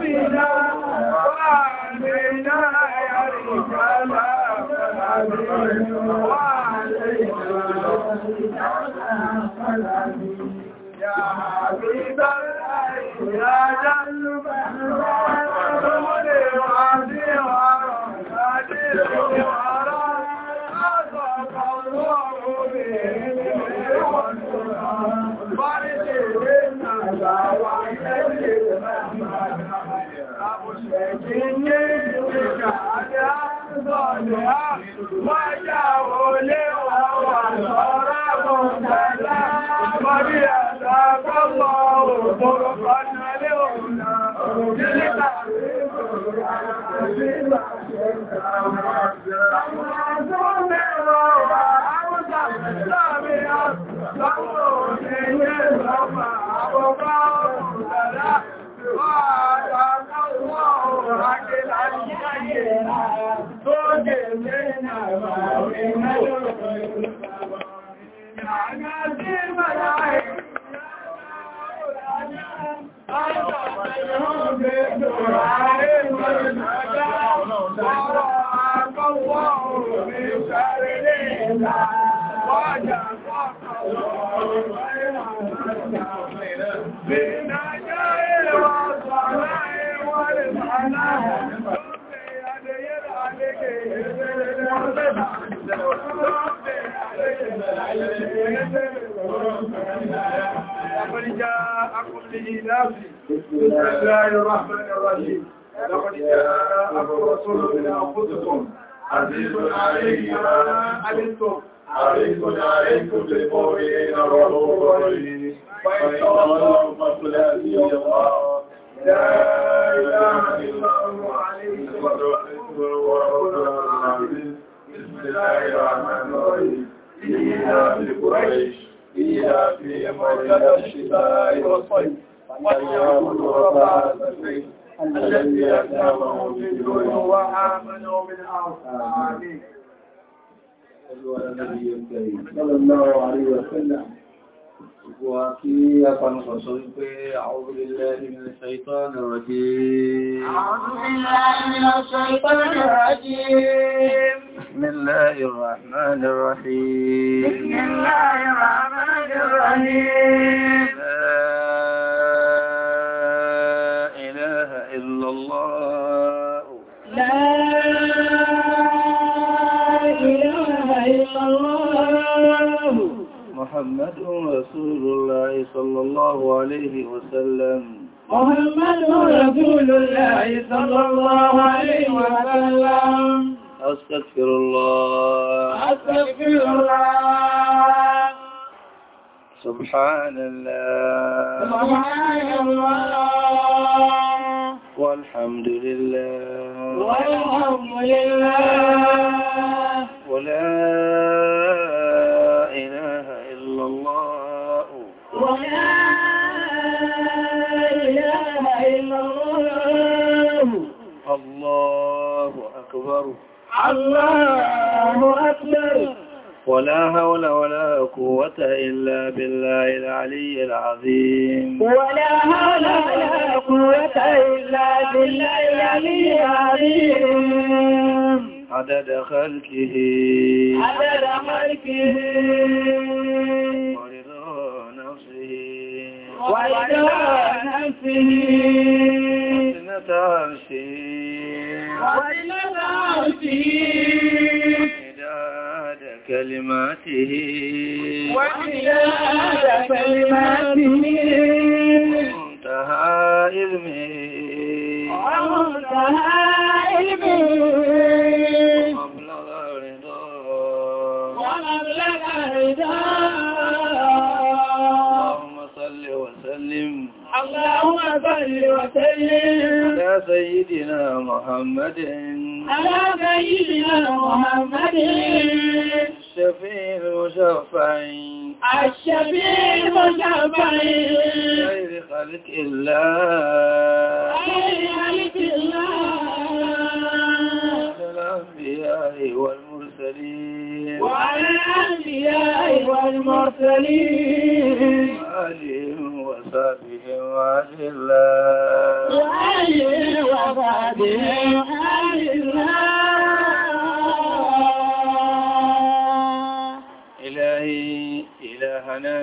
ربنا وعلينا يا رجال يا حبيب يا جل بحر وعدي وعدي وعدي من أنفسكم عزيز عليه ما علمتم حريص عليكم بالمؤمنين رؤوف رحيم فإن الله فلا الله لا إله إلا هو عليه بسم الله الرحمن الرحيم إيلاف قريش إيلافهم رحلة الشتاء والصيف وليعبدوا رب هذا البيت الذي أسلمه في الجوع وآمنه من أرض صلى الله عليه وسلم وكي أقول لك أعوذ بالله من الشيطان الرجيم أعوذ بالله من الشيطان الرجيم بسم الله الرحمن الرحيم بسم الله الرحمن الرحيم الحمد لله والحمد لله خلقه عدد خلقه ورضا نفسه ورضا نفسه وزنة عرشه عرشه كلماته وعداد كلماته منتهى علمه ومنتهى علمه البيداء اللهم صل وسلم اللهم صل وسلم على سيدنا محمد على سيدنا محمد الشفيع المشفع الشفيع المشفع خير خلق الله خير خلق الله الأنبياء والمرسلين والمرسلين وعلى الأنبياء والمرسلين وآلهم وصحبهم وآل الله وآلهم وصحبهم وآل الله إلهي إلهنا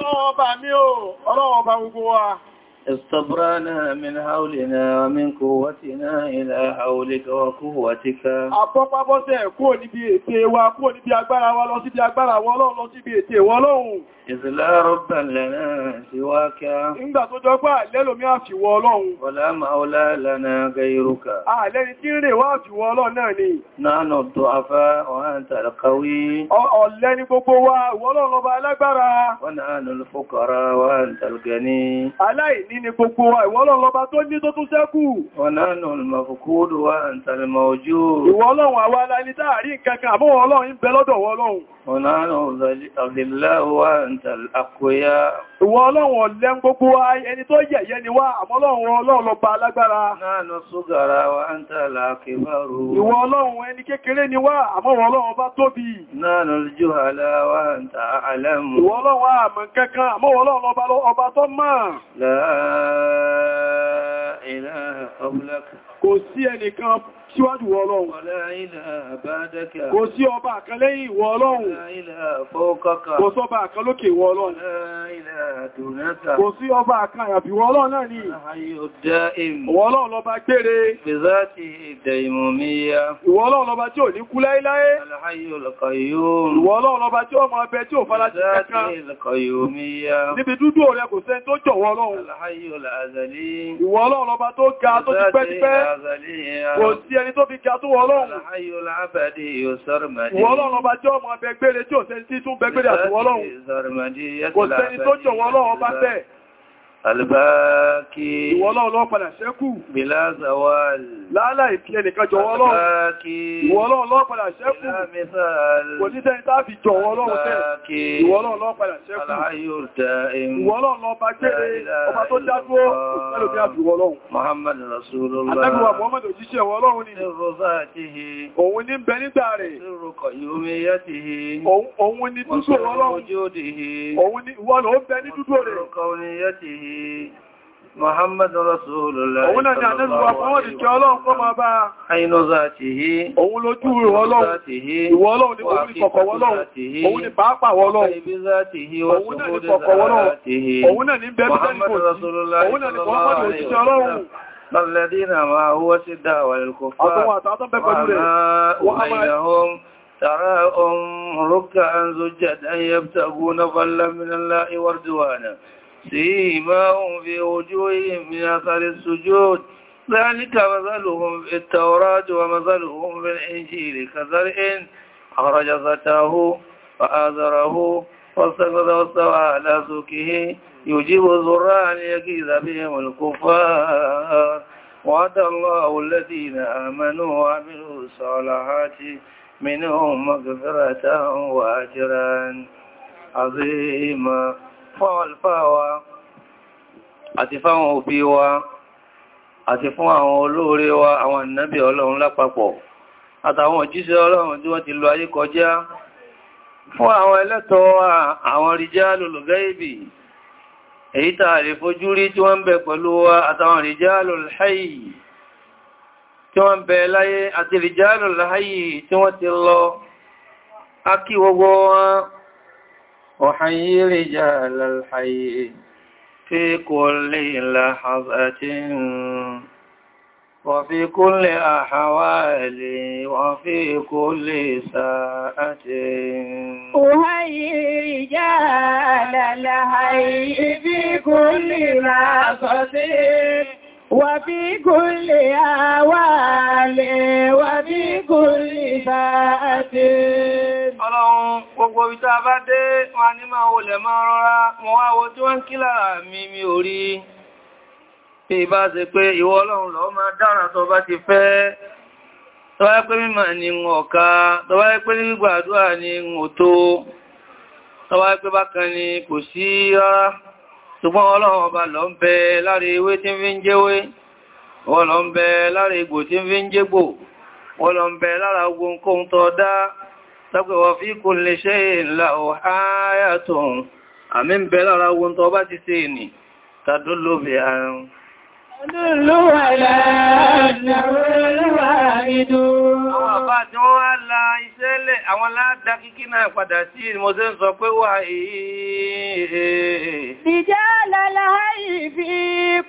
ọlọ́wọ́ bá mi ó ọlọ́wọ́ bá gbogbo wa استبرانا من حولنا ومن قوتنا إلى حولك وقوتك Àpọ́pá bọ́sẹ̀ kúrò níbi ètè wa, kúrò níbi agbára wa lọ síbi agbára wa Ọlọ́run lọ síbi ètè wa Ọlọ́run. إذلا ربا لنا سواك إنبا تجوبا للم يافي والله ولا مولى لنا غيرك أهلين تيري وافي والله ناني نحن الضعفاء وأنت القوي أهلين بقوا والله لبا لبرا ونحن الفقراء وأنت الغني أهلين بقوا والله لبا توني تتسكو ونحن المفقود وأنت الموجود والله وأولا لتعريك كما والله إنبا لدو والله ونحن الذلاء وأنت àǹtàl àkóyá. Ìwọ ọlọ́run ọ̀lẹ́ gbogbo wa ẹni tó yẹ̀yẹ́ ni wá, àmọ́ ọlọ́run ọlọ́run lọ bá alágbára. Náànà ṣúgàrà wa àǹtàl àkébárò. Ìwọ ọlọ́run ẹni kékeré ni wá, àmọ́ ọlọ́run bá tóbi. Náànà jù àlá wa àǹtà àlẹ́mù. Ìwọ ọlọ́run àmọ́ kankan, àmọ́ ọlọ́run síwájú ìwọ ọlọ́run kò sí ọba àkan lẹ́yìn ìwọ ọlọ́run kò sọba àkan lókè ìwọ ọlọ́run kò sí ọba àkan àyàfi ìwọ ọlọ́run náà ni ìwọ ọlọ́run lọba gbére ìwọ ọlọ́run lọba tí ò ní kú láíláí ìwọ ọlọ́run lọba tí ó máa bẹ tí ò fara sẹni tó fi jà tó Ọlọ́run. Wọ́lọ́run ọba jẹ́ ọmọ abẹgbére tí ò sẹni tí tún bẹgbére àti Ọlọ́run. Kò sẹni tó jọ Ọlọ́run ọba bẹ́ẹ̀. Albáàkí. Ìwọ́lọ́ lọ padà ṣẹ́kù. Bìlázàwàl. Lálà ìpí ẹnìkan jọwọ́ lọ. Albáàkí. Ìwọ́lọ́ lọ padà ṣẹ́kù. Bìlámẹ́sàl. Kò ní tẹ́ ìtàfi jọwọ́ lọ́wọ́ tẹ́. Albáàkí. Ìwọ́lọ́ lọ padà ṣẹ́kù. Aláyòr dáìm. Ìwọ́lọ́ lọ bá jẹ́rẹ ọba tó dádúró pẹ̀lú bí àbí wọ́lọ́hun. Muhammad Rasulullah. Àtẹ́gbùwà Muhammad òjíṣẹ́ wọ́lọ́hun ni. محمد رسول الله òun náà ni àdẹ́sùwà fún wọ́n ti jẹ́ ọlọ́run kọ́ máa bá àìnà zàtìhí òun lójú rẹ̀ ọlọ́run ìwọ ọlọ́run ni òun ni kọ̀kọ̀ wọ́lọ́run òun ni pàápàá wọ́lọ́run òun náà الذين ما هو سدى والكفار وبينهم تراهم ركعا زجدا يبتغون ظلا من الله ورضوانا سيماهم في وجوههم من أثر السجود ذلك مثلهم في التوراة ومثلهم في الإنجيل كزرع أخرج فتاه وآذره واستغفر واستوى على سوكه يجيب الزراع ليكيد بهم الكفار وعد الله الذين آمنوا وعملوا الصالحات منهم مغفرة وأجرا عظيما fáwọn alfáà wa àti fáwọn òbí wa àti fún àwọn olóore wa àwọn ìnábì ọlọ́run lápapọ̀ àtàwọn òjíṣẹ́ ọlọ́run tí wọ́n ti lọ ayé kọjá fún àwọn ẹlẹ́tọ̀ọ́ wa àwọn ríjá lòlùgẹ́ìbì èyí tàà lè fojú rí tí wọ́n ń bẹ pẹ̀lú wa àtàwọn ríjá lòlùháyì أحيي رجال الحي في كل لحظة وفي كل أحوال وفي كل ساعة أحيي رجال الحي في كل لحظة وفي كل أحوال وفي كل ساعة ọlọ́run gbogbo ibi tá bá dé wọn ní máa olè máa rọra mọ́ wá wo tí wọ́n ń kí lára mi mi ò rí tí ìbá ṣe pé ìwọ ọlọ́run lọ máa dára tó bá ti fẹ́ tó bá pé mímọ̀ ni ń ọ̀ká tó bá pé ní gbàdúrà ni ń òtó tó bá pé bákan ni kò sí rárá ṣùgbọ́n ọlọ́run ọba wọ́n lọ ń bẹ lára ogun kóhun tó dáa tọ́pẹ́ wọ́n fi kò lè ṣe ìlà òháyàtọ̀ àmì ń bẹ lára ohun tó bá ti ṣe ní tàdólóbẹ̀ àrùn Àwọn aládá kíkí náà padà sí mo ṣe ń sọ pé wà èèyè. Ìjá lálàáyì fi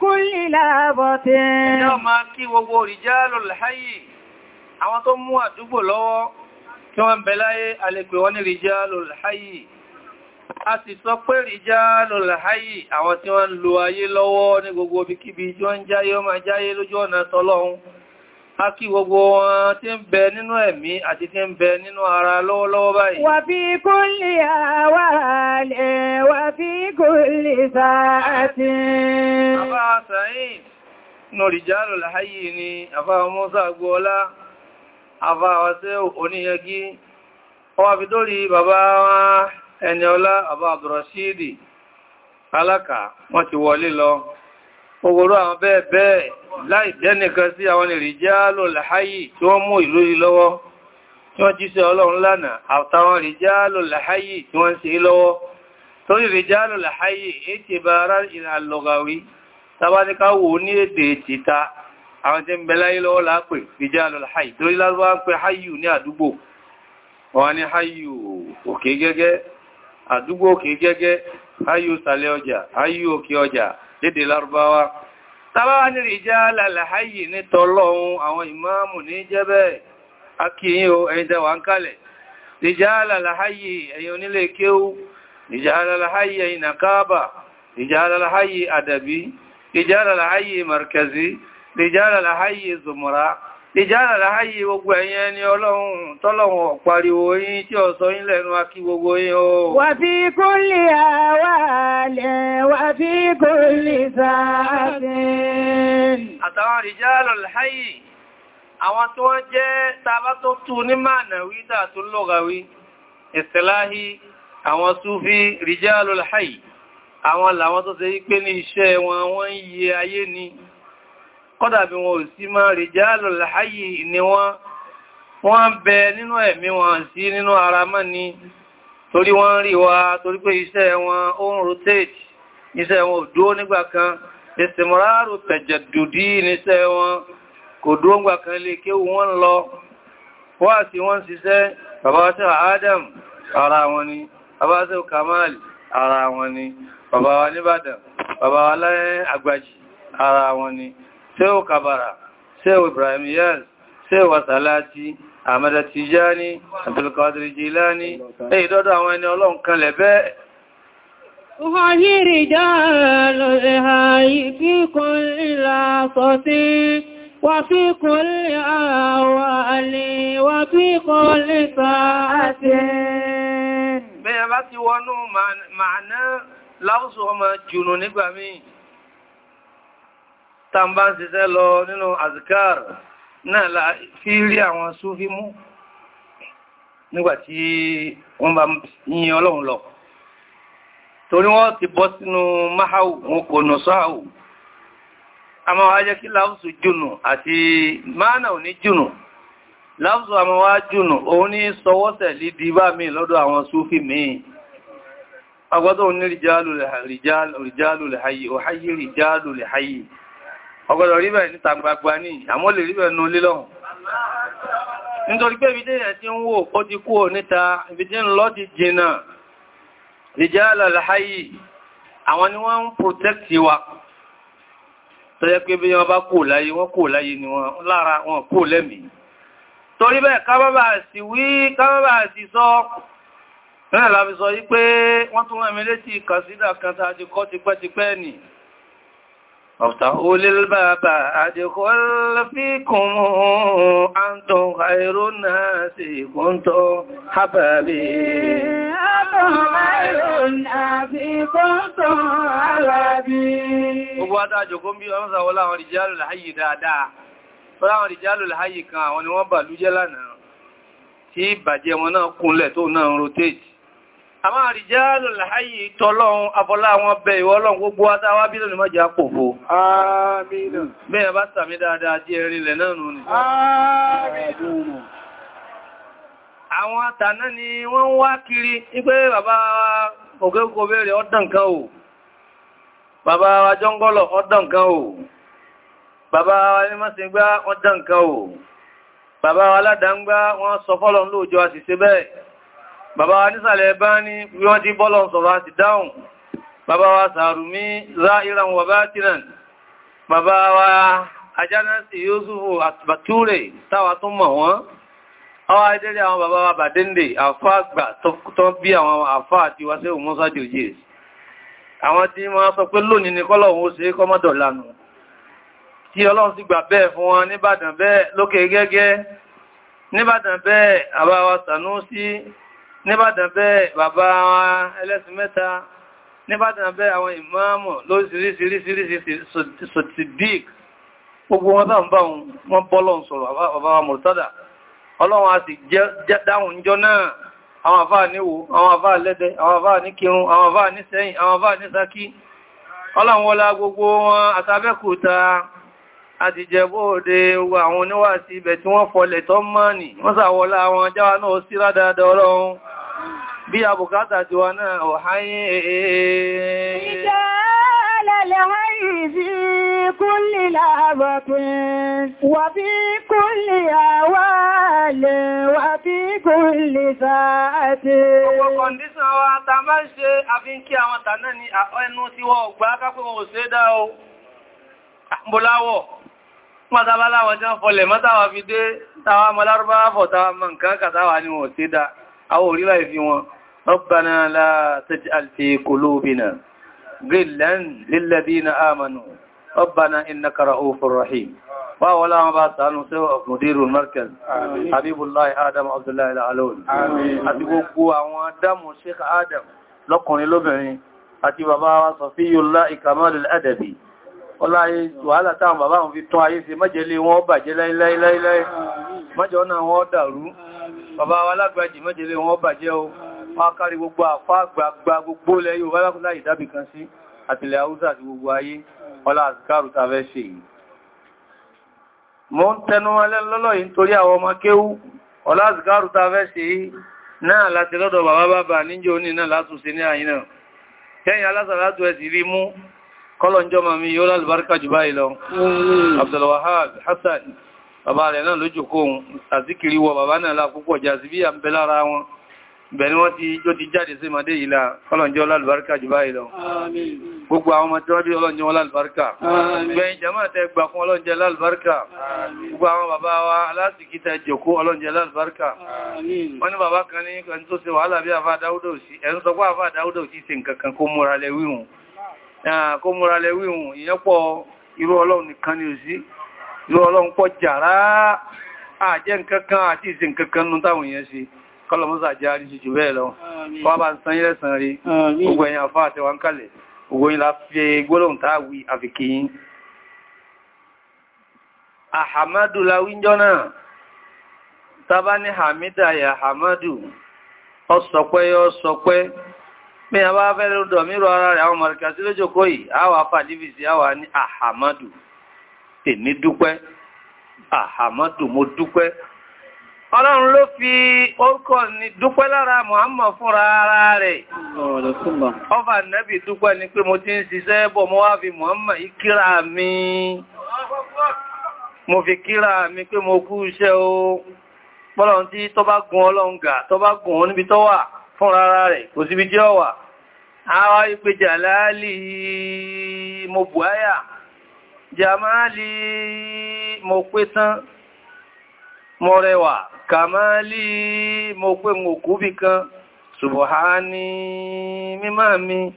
kúlì láàbọ̀tẹ̀. Ẹjọ́ máa kí gbogbo ìjá lọ́làáyì, àwọn tó mú àdúgbò lọ́wọ́ tí wọ́n bẹ láyé alẹ́pẹ̀ wọ́n ní rijalul hayy a sì sọ pé rijalul hayy àwọn tí wọ́n lo ayé lọ́wọ́ ní gbogbo ibikíbi tí wọ́n jáyé ó máa jáyé lójú ọ̀nà tọ́lọ́hun a kí gbogbo wọn tí ń afáwàṣẹ́ oníyẹgí ọwà fi dórí bàbá wọn ẹni ọlá àbá àbúrọ̀ṣídì alákà wọ́n ti wọlé lọ ogoro àwọn bẹ́ẹ̀ bẹ́ẹ̀ láì jẹ́nìkan sí àwọn ìrìjálò làháyì tí wọ́n mú ìlú yìí lọ́wọ́ tí wọ́n jíṣẹ́ ọlọ́run lánàá àtàwọn ìrìjálò làháyì tí wọ́n ṣe lọ́wọ́ torí ìrìjálò làháyì ètì àwọn tí ń bẹ láyé lọ́wọ́ lápè rijalul hayy torí lárúbá pé hayyu ní àdúgbò wọ́n ní hayyu òkè gẹ́gẹ́ àdúgbò òkè gẹ́gẹ́ hayyu sàlẹ̀ ọjà hayyu òkè ọjà lédè lárúbáwá tàbáwá ní rijalul hayy ní tọ́lọ́hun àdàbí rìjálà láháyé zòmọ̀rá rìjálà láháyé gbogbo ẹ̀yin ẹni ọlọ́run tọ́lọ̀wọ̀n ọ̀pariwo yín tí ọ sọ yín lẹ́nu akí gbogbo yín o wà fi kó lè àwàlẹ̀ wà fi kó lè sáàfin àtàwọn rìjálà láháyé àwọn tó wọ́n jẹ́ tàbá tó tú ní mánàwí tààtú lọ́gàwí ìsẹ̀láhí àwọn tó ṣe kọ́dà bí wọn ò sí máa rijalul hayy ni wọ́n wọ́n bẹ nínú ẹ̀mí wọn sí nínú ara mọ́ ni torí wọ́n rí wa torí pé iṣẹ́ wọn ó ń rotate iṣẹ́ wọn ò dúó nígbà kan istimraru tajaddudi níṣẹ́ wọn kò dúó nígbà kan lè kéwù wọ́n lọ wá sí wọ́n ṣiṣẹ́ babawasa Adam ara wọn ni babawasa Kamal ara wọn ni babawa Nìbàdàn babawa láyé àgbàjì ara wọn ni Shehu Kabara, Shehu Ibrahim Yaz, Shehu Wasalati, Ahmad Tijani, Abdul Qadir Jilani, èyí dọ́dọ̀ àwọn ẹni ọlọ́run kan lẹ́bẹ́. Wàhírí dáàlù ẹ̀hà ìfíkún ìlà sọ́tí, wà fíkún àwà àlè, wà fíkún lẹ́ta àti ẹ̀. Bẹ́ẹ̀ bá ti wọnú màánà láwùsù ọmọ jùnú nígbà tàbá ń ṣiṣẹ́ lọ nínú azikar náà la fi rí àwọn súfí mú nígbàtí wọ́n bá yin ọlọ́run lọ torí wọ́n ti bọ́ sínú máhàù wọn kò nù sáàù àmọ́ wá jẹ́ kí láwùsù jùnù àti máànà ò ní jùnù láwùsù àmọ́ jùnù òun ní sọwọ́sẹ̀ lídi bá mi lọ́dọ̀ àwọn súfí mi agbọ́dọ̀ ní ríjálù lè hayi ọgọ́dọ̀ rí bẹ̀rẹ̀ níta gbagba ní àmọ́ lè rí bẹ̀rẹ̀ nú lílọ́hùn nítorí pé ibidé ẹ̀ tí ń wò ó ti kú ò níta ibidé ń lọ ti jìnà ìjálà láháyì àwọn ni wọ́n ń protect wa tó yẹ pé bí wọ́n bá kú láyé wọ́n kú láyé ni wọ́n lára wọn kú lẹ́mí torí bẹ́ẹ̀ kábábà sì wí kábábà sì sọ náà láfi sọ yí pé wọ́n tún rán mi létí kàsídà kan tàbí kọ́ tipẹ́tipẹ́ nìí افتحوا للباب أدخل فيكم أنتم خير الناس كنتم حبابي أنتم خير الناس ìjálù láyé kan àwọn ni wọ́n bà lújẹ́ lánàá tí ìbàjẹ́ wọn náà kúnlẹ̀ tó náà rotate àmá àrìjálù láàáyì tọ́lọ́run abọ́lá wọn bẹ ìwọ gbogbo adáwà bí lónìí mọ́já kò fò. Àmín. Bẹ́ẹ̀ bá sàmì dáadáa jẹ́ wọ́n wá kiri ò. Bàbá wa jọ́ngọ́lọ̀ ọdán wọ́n sọ fọ́lọ̀ lóòjọ́ àṣìṣe bẹ́ẹ̀ bàbá wa nísàlẹ̀ bá ní wọ́n ti bọ́lọ̀ sọ̀rọ̀ àti dáhùn bàbá wa sàrùmí záìran wà bá tìràn bàbá wa ajánásì Yusufu àtìbàtúrè táwà tó mọ̀ wọ́n àwọn ajẹ́rẹ́ àwọn bàbá wa bàdéndè àfá àgbà tó bí àwọn àfá àti wáṣẹ́ òmúsá jòjì àwọn tí wọ́n sọ níbàdàn bẹ́ẹ̀ bàbá wọn ẹlẹ́sìn mẹ́ta níbàdàn bẹ́ẹ̀ àwọn ìmáàmù lóríṣìíríṣìíríṣìí sọ̀tìdík gbogbo wọn bá ń bá wọn bọ́lọ̀ sọ̀rọ̀ bàbá wa mọ̀tọ́dà ọlọ́run a sì jẹ́ dáhùn jọ náà àwọn àfáà ní wo àwọn àfáà lẹ́dẹ àwọn àfáà ní kírun àwọn àfáà ní sẹ́yìn àwọn àfáà ní sákí ọlọ́run wọlá gbogbo wọn àtàbẹ́kùta àti jẹ́bóòde ogun àwọn oníwàásí ibẹ̀ tí wọ́n fọlẹ̀ tọ́ mọ́ nì wọ́n sàwọlá wọn jáwà náà sí rádáadáa ọlọ́run bí a bùkátà ti wá náà ọ̀háyé Wàbí kúlì àwàlè, wàbí kúlì sáàtì. Ọwọ́ kọ̀ndíṣàn wa ta máa ṣe àfin kí àwọn tànà ni ẹnu tí wọ́n gbá kápẹ́ wọn ò ṣe dá o. Àmbòláwọ̀, àwọn orílẹ̀ ìfi wọn Rabbana la taj'al fi qulubina ghillan lilladhina amanu Rabbana innaka ra'ufur rahim wa wala ma ba sanu sewa of mudirul markaz habibullah adam abdullah al-alawli àmín àti gbogbo àwọn damu sheikh adam lọ́kùnrin lóbìnrin àti bàbá wa safiyullah ikamal al-adabi ọláyé wàhálà táwọn bàbá wọn fi tún ayé ṣe mẹ́jẹ̀ bàbá wa lágbàjì mọ́jẹ̀lẹ̀ wọn bàjẹ́ o pákárí gbogbo àpá àgbàgbà gbogbo lẹ yóò wálákùnlá ìdábì kan sí àtìlẹ̀ haúsá àti gbogbo ayé ọlá àzìkárù ta fẹ́ ṣe yìí mo ń tẹnu alẹ́ lọ́lọ́ yìí nítorí àwọn ọmọ kéwú ọlá àzìkárù ta fẹ́ ṣe yìí náà láti lọ́dọ̀ bàbá bàbá níjẹ́ òní náà látúnṣe Hassan bàbá rẹ̀ náà lójò kó ohun àzíkiri wọ bàbá náà lá púpọ̀ jà sí bí à ń bẹ lára wọn bẹ̀ni wọ́n ti jó ti jáde sí màdé ìlà ọlọ́njọ́ lálùbáríkà jù báyìí lọ gbogbo àwọn ọmọ tí wọ́n bí ọlọ́njọ́ lálùbáríkà gbẹ̀yìn jẹ́mọ́ tẹ gbà fún ọlọ́njẹ́ lálùbáríkà gbogbo àwọn bàbá wa alásìkítà jòkó ọlọ́njẹ́ lálùbáríkà wọ́n ní bàbá kan ní ẹni tó ṣe wàhálà bí àfá dáúdò sí ẹni sọ pé àfá dáúdò ah, sí lọ́ọ̀lọ́un pọ̀ jàrá àjẹ́ nkankan àti ìsìn nkankan nú táwọn èèyàn sí kọlọmọ́sà jẹ́ àríṣì jù bẹ́ẹ̀ lọ wọ́n bá ń san ilẹ̀ sàn rí gbogbo ẹ̀yàn àfá àti wọn kalẹ̀ gbogbo ìlà fi gbólóhùn táàwí àfikìyìn àhàmádù láwíjọ́ náà tàbá ní hamida ya hamadu ọsọpẹ́ yọ sọpẹ́ bí a bá fẹ́ lọ́dọ̀ mírọ ara rẹ̀ àwọn mọ̀rìkà sí lójókòó yìí àwà fàdíbìsì àwà ní àhàmádù èmi dúpẹ́ àhàmọ́dù mo dúpẹ́ ọlọ́run ló fi orúkọ ni dúpẹ́ lára Muhammad fúnra ara rẹ̀ ọba nẹ́bì dúpẹ́ ni pé mo ti ń ṣiṣẹ́ bọ̀ mo wá fi Muhammad ìkíra mi mo fi kíra mi pé mo kú iṣẹ́ o pọ́lọ̀n tí tọ́ bá gun ọlọ́run gà tọ́ bá gun ọ níbi tọ́ wà fúnra ara rẹ̀ kò síbi jẹ́ ọwà àwọn ìpèjà láàlì mo bù áyà ja maali maopetan morewa kamali maopemokubikan subu ha ni mimami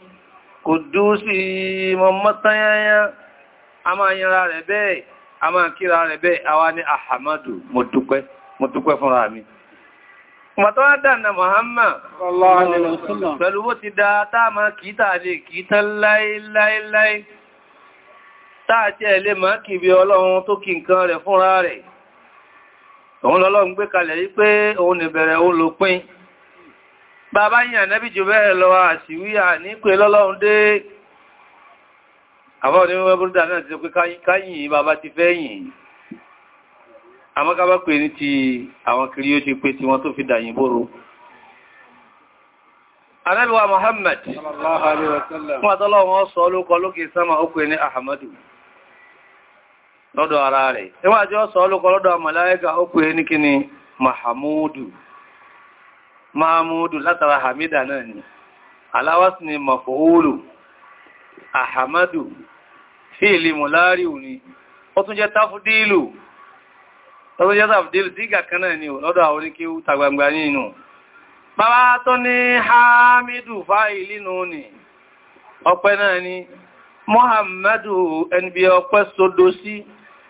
kudusi momotan yayan-yan a ma yara rebe a ma nkira rebe awa ni ahamadu motukpe motukpe fun rami. kuma to ha dana mohamed kala ala ala ala sulam pelu ti da taa ma kitale kita lai lai lai táàtí ẹ̀lẹ́ máa kìbí ọlọ́run tó kí nǹkan rẹ̀ fúnra rẹ̀ òun lọ́lọ́run gbé kalẹ̀ yí pé òun bẹ̀rẹ̀ òun ló pín bàbá yìí ànẹ́bì jù bẹ́ẹ̀ lọ àṣìwí àní lọ́lọ́run dé àwọn onímọ̀ náà ti wọ́n sọ lókè sánmà Ahmadu. lọ́dọ̀ ara rẹ̀. Ẹwà tí ó sọ ọlọ́kọ̀ lọ́dọ̀ màláíkà ó pè é ní kí ni Mahamudu. Mahamudu látara Hamida náà ni. Aláwásí ni Mafoolu, Ahamadu, Fíìlì Mùláríù ni. Ó tún jẹ́ Tafudílù. Ó tún jẹ́ Tafudílù dígà kan náà ni lọ́dọ̀ àwọn oníkíwú tàgbàgbà nínú. Bàbá tó ní Hamidu fáìlì nù ni. Ọpẹ́ náà ni. Muhammadu ẹni bí ọpẹ́ sodo sí. Si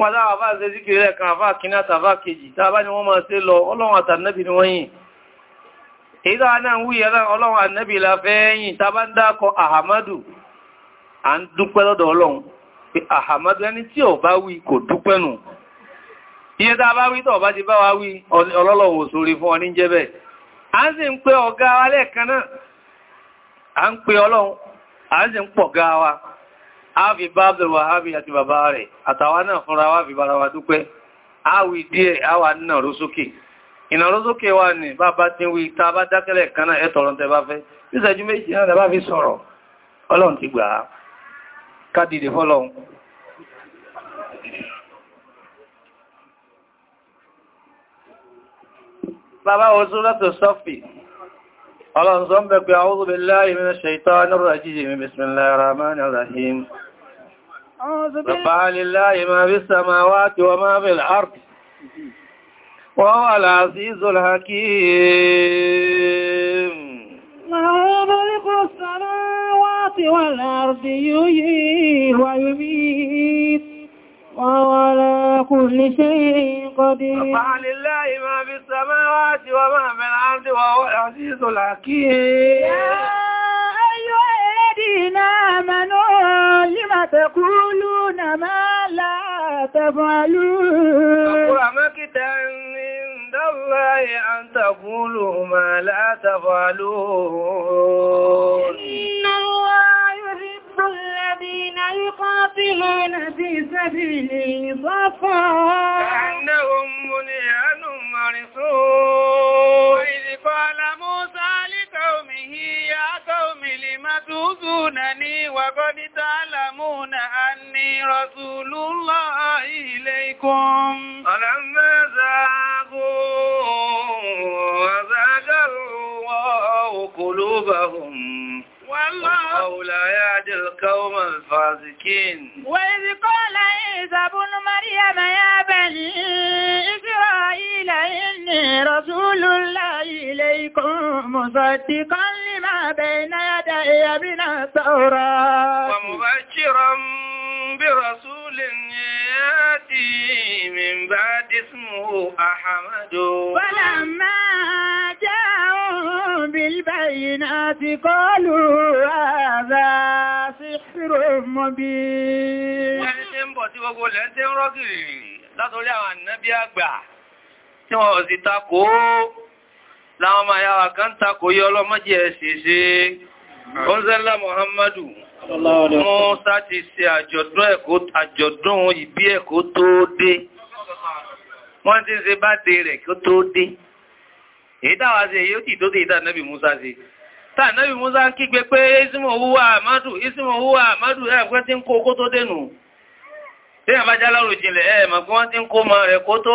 wọ́n láwà bá ṣe síkiri lẹ́kan àfá kìíní àtàfá kejì tàbá ni wọ́n máa ṣe lọ ọlọ́run àtànẹ́bì ni wọ́n yìn èyí tàbá náà ń wúyẹ̀ náà ọlọ́run àtànẹ́bì la fẹ́ yìn tàbá ń dákọ àhàmádù à ń dúpẹ́ lọ́dọ̀ ọlọ́run pé àhàmádù ẹni tí ò bá wí kò dúpẹ́ nù iye tàbá wí tọ̀ áàfi bá Abdul Wahabi àti bàbá rẹ̀ àtàwà náà fúnra wá fi bára wa dúpẹ́ áwì díẹ̀ áwà náà rósókè ìnàrósókè wà ní bàbá tí wí ta bá dákẹ́lẹ̀ kan náà ẹ̀tọ̀rọ̀ tẹ bá fẹ́ ìṣẹ́jú méjì náà bá fi sọ̀rọ̀ ọlọ́run ti gbà á kádìdè fọ́lọ́run bàbá oṣù látò sọ́fì ọlọ́run sọ ń bẹ̀ pé a'udhu billahi minash shaitanir rajim سبحان الله ما في السماوات وما في الأرض وهو العزيز الحكيم له ملك السماوات والأرض يحيي ويميت وهو على كل شيء قدير سبحان لله ما في السماوات وما في الأرض وهو العزيز الحكيم الذين آمنوا لما تقولون ما لا تفعلون كتاب عند الله أن تقولوا ما لا تفعلون إن الله يحب الذين يقاتلون في سبيله صفا كأنهم بنيان مرسول وإذ قال موسى بما تؤذونني وقد تعلمون أني رسول الله إليكم فلما زاغوا وزاغ الله قلوبهم والله لا يهدي القوم الفاسقين وإذ قال عيسى بن مريم يا بني إسرائيل إني رسول الله إليكم مصدقا بين يدي من التوراة ومبشرا برسول ياتي من بعد اسمه أحمد فلما جاءوا بالبينات قالوا هذا سحر مبين látorí àwọn ànábí àgbà tí wọ́n sì takò ó láwọn máa yáwà kan takò yí ọlọ́mọ́jì ẹ̀sì sí ọ́nzẹ́lá Muhammadu Mùsá ti ṣe àjọ̀dún ìbí ẹ̀kọ́ tó dé wọ́n ti ṣe bá dé rẹ̀ kó tó dé èyí dáwà sí èyí ó ti tó dé ìdá nẹ́bì Mùsá sí táà nẹ́bì Mùsá kígbe pé ìsìmọ̀ òwúwà àmádù ìsìmọ̀ òwúwà àmádù ẹ̀kọ́ tí ń kó kó tó dénù tí àbájá lárò jinlẹ̀ ẹ̀ẹ̀mọ̀ pé wọ́n ti ń kó mọ́ rẹ̀ kó tó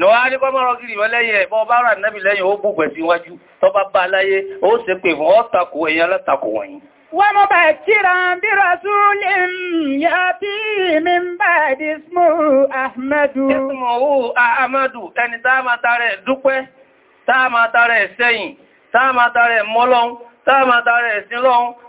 lọ́wọ́ arígbọ́ mọ́rọ̀ gírí wọ́n lẹ́yìn ẹ̀bọ́ bá rà náàbì lẹ́yìn ó gbùgbẹ̀ sí wájú tó bá bá aláyé ó sì pè fún ọ́tàkù èyàn látàkù wọ̀nyí wọ́n mọ́ bá kíra bí rasúlẹ̀ ń bá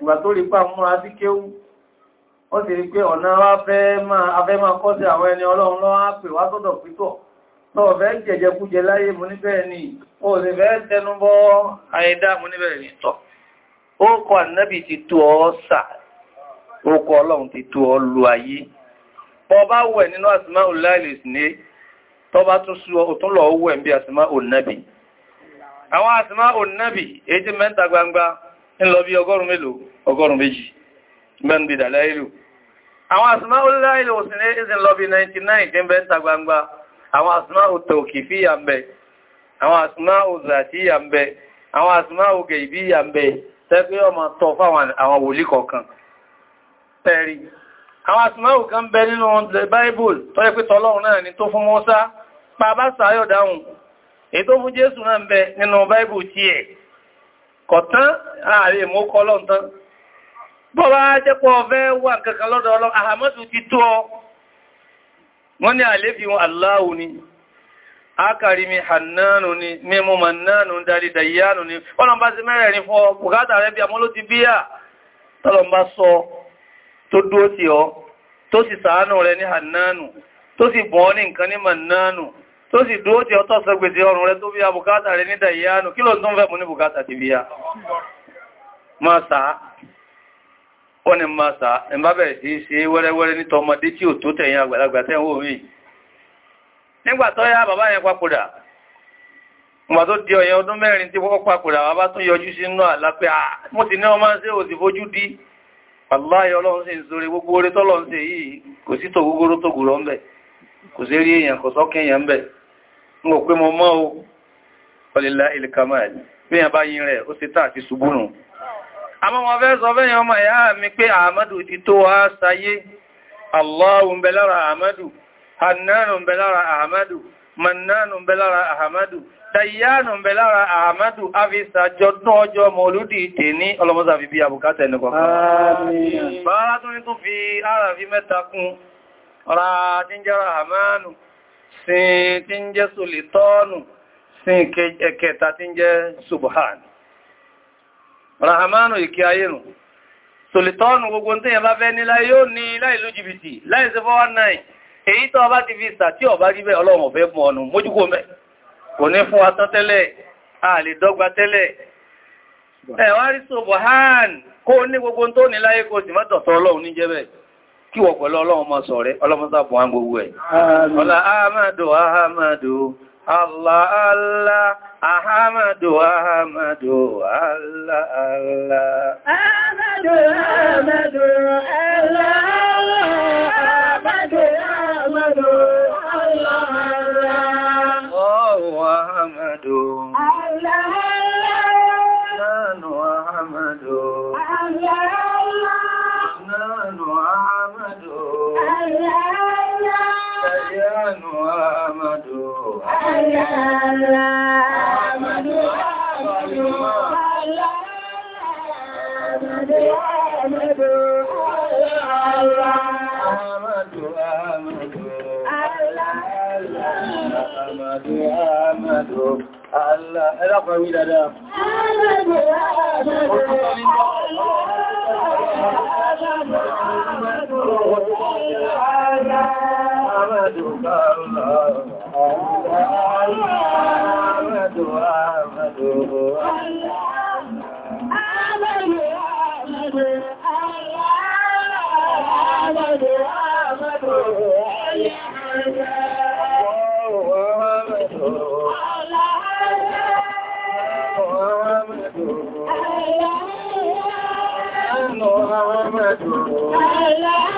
ìgbà tó rí pé àwọn múra sí kéwú ó sì rí pé ọ̀nà afẹ́ máa kọ́ sí àwọn ẹni ọlọ́run lọ́wọ́ á pè wá sọ́dọ̀ pítọ̀ tọ́ọ̀ fẹ́ jẹjẹkújẹ láyé mú níbẹ̀ ni ó sì fẹ́ tẹnubọ́ àìdá mú níbẹ̀ ni tọ́ ó kọ ànábì ti tú ọ sà ó kọ ọlọ́run ti tú ọ lu ayé bọ́ bá wẹ̀ nínú àsìmá òláìlè sí ní tọ́ bá tún sú ọ tún lọ wẹ̀ bí àsìmá ònábì àwọn ńlọ bí ọgọ́rùn mélòó ọgọ́rùn méjì mẹ́rin bí dàláìlù àwọn àsìmá olóláìlù òsìnlẹ̀ ìsìn lọ bí 99 dín bẹ́ta gbangba àwọn àsìmá òtòkìfí yà ń bẹ àwọn àsìmá òzàtí yà ń bẹ àwọn àsìmá ògè ìbí yà ń ọmọ tọ fáwọn àwọn wòlí kọ̀ọ̀kan bible tọ́jẹ́ pé tọ́lọ́run ni tó fún mọ́sá pa bá sàáyọ̀ dáhùn èyí tó fún kọ̀tán ààrẹ mú kọ́ lọ́n tán bọ́bá jẹ́pọ̀ ọ̀fẹ́ wà kankan lọ́dọ̀ ọlọ́ àhàmọ́sù ti tó ọ wọ́n ní àléfì wọn ni ákàrími hànánù ni mímú mannánù darí dàyánù ni ọlọ́mbá sí mẹ́rẹ̀rin fún ọ bùkátà rẹ bí amọ́ló ti bíyà tọ́lọ́mbá sọ tó dúó sí ọ tó sì sàánù rẹ ní hànánù tó sì bọ́ ní nǹkan ní tó sì dúó tí ọtọ́ sọ gbèsè ọrùn rẹ tó bí a bùkátà rẹ nídà ìyánu kí ló tún fẹ́ mú ní bùkátà ti bí a máa sàá ó ní máa sàá ẹ̀mbá bẹ̀rẹ̀ sí ṣe wẹ́rẹ́wẹ́rẹ́ ní tọmọdé tí ò tó tẹ̀yìn àgbàlagbà tẹ́wọ́ mi nígbà tó yá bàbá yẹn papòdà ìgbà tó di ọ̀yẹn ọdún mẹ́rin tí wọ́n papòdà bàbá tún yọjú sínú àlápẹ́ mo ti ní ọmọ ṣe ò sì fojú dí Wàláyé ọlọ́run sí ìsorí gbogbo orí tọ́lọ́run sí yìí kò tó gùrọ̀ ń bẹ̀, kò sí rí èèyàn kò sọ́kẹ́ èèyàn ń bẹ̀ mo pé mo mọ́ o ọlẹ́lá ilẹ̀kamal bí i bá yín rẹ̀ ó sì tà àti ṣubúrùn àmọ́ wọn fẹ́ sọ fẹ́yìn ọmọ ìyá mi pé àmàdù ti tó wá sáyé Allahu ń bẹ lára àmàdù hannanu ń bẹ lára àmàdù mannanu ń bẹ lára àmàdù dayyanu ń bẹ lára àmàdù afisa jọdún ọjọ́ mọ̀lúdì tè ní ọlọ́mọ́sà fi bí àbùkátà ẹnu kọ̀ọ̀kan sin tí ń jẹ́ sulitọ́nù sin ẹkẹta e, tí ń jẹ́ subhan rahamanu ìkẹ́ ayé sulitọ́nù gbogbo tí yẹn bá fẹ́ nílá yóò ní láì jìbìtì láì 419 èyí ọba ti fi ọba rí bẹ́ ọlọ́run ọ̀fẹ́ mọ̀ ọ̀nà kí wọ́n pẹ̀lú ọlọ́run mọ́ sọ rẹ̀ ọlọ́mọ́sàbọ̀ wọn gbogbo ẹ̀. ọlá ahmadu ahmadu allah allah ahmadu ahmadu allah allah ahmadu ahmadu allah allah ahmadu ahmadu allah allah ahmadu ahmadu àmàdù àmàdù aláàlá àmàdù àmàdù aláàlá àmàdù àmàdù aláàlá àmàdù àmàdù aláàlá àmàdù àmàdù aláàlá ẹlọ́pàá wí dáadáa àmàdù àmàdù aláàlá àmàdù àmàdù aláàlá àmàdù kàrùlà àmàdù àmàdù àmàdù àmàdù àmàdù محمد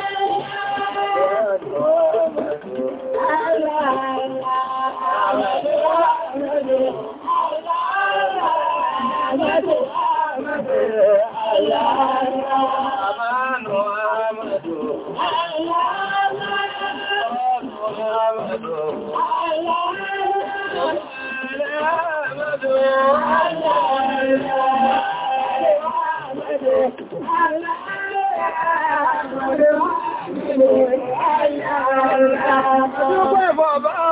محمد محمد محمد Bàbá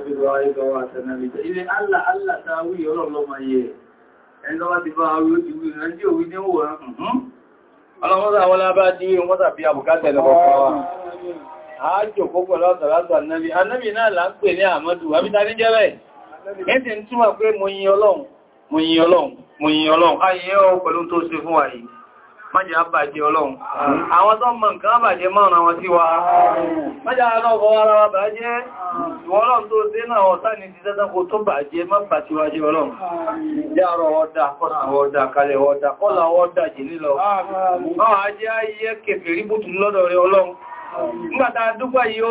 ibrahim wa allah allah ta wí ọlọ́lọ́mọ yẹ ẹni lọ́wọ́ ti bá orí ó ti wí rẹ̀ tí òwí ní wòrán hmm? ọlọ́wọ́n àwọn alábá dí wọ́n tàbí àbùkátẹ̀ lọ́kọ̀ọ́kọ́ wa àájò púpọ̀ lọ́tọ̀lọ́tọ̀ annabi annabi náà là ń pè ní àmọ́dù àbíta ní jẹ́rẹ̀ ẹ̀sì ń túnmà pé mo yin ọlọ́run mo yin ọlọ́run mo yin ọlọ́run ayé májá àbàjẹ́ ọlọ́run àwọn tó mọ̀ nǹkan àbàjẹ́ mọ́rún àwọn sí wa na alọ́wọ́ ara wa bàjẹ́ ìwọ́lọ́run tó dé náà ọ̀tá ní ti sẹ́sẹ́kò tó bàjẹ́ má bà ti wájẹ́ ọlọ́run jẹ́ àrọ̀ ọ̀dá kọ́sàn kalẹ̀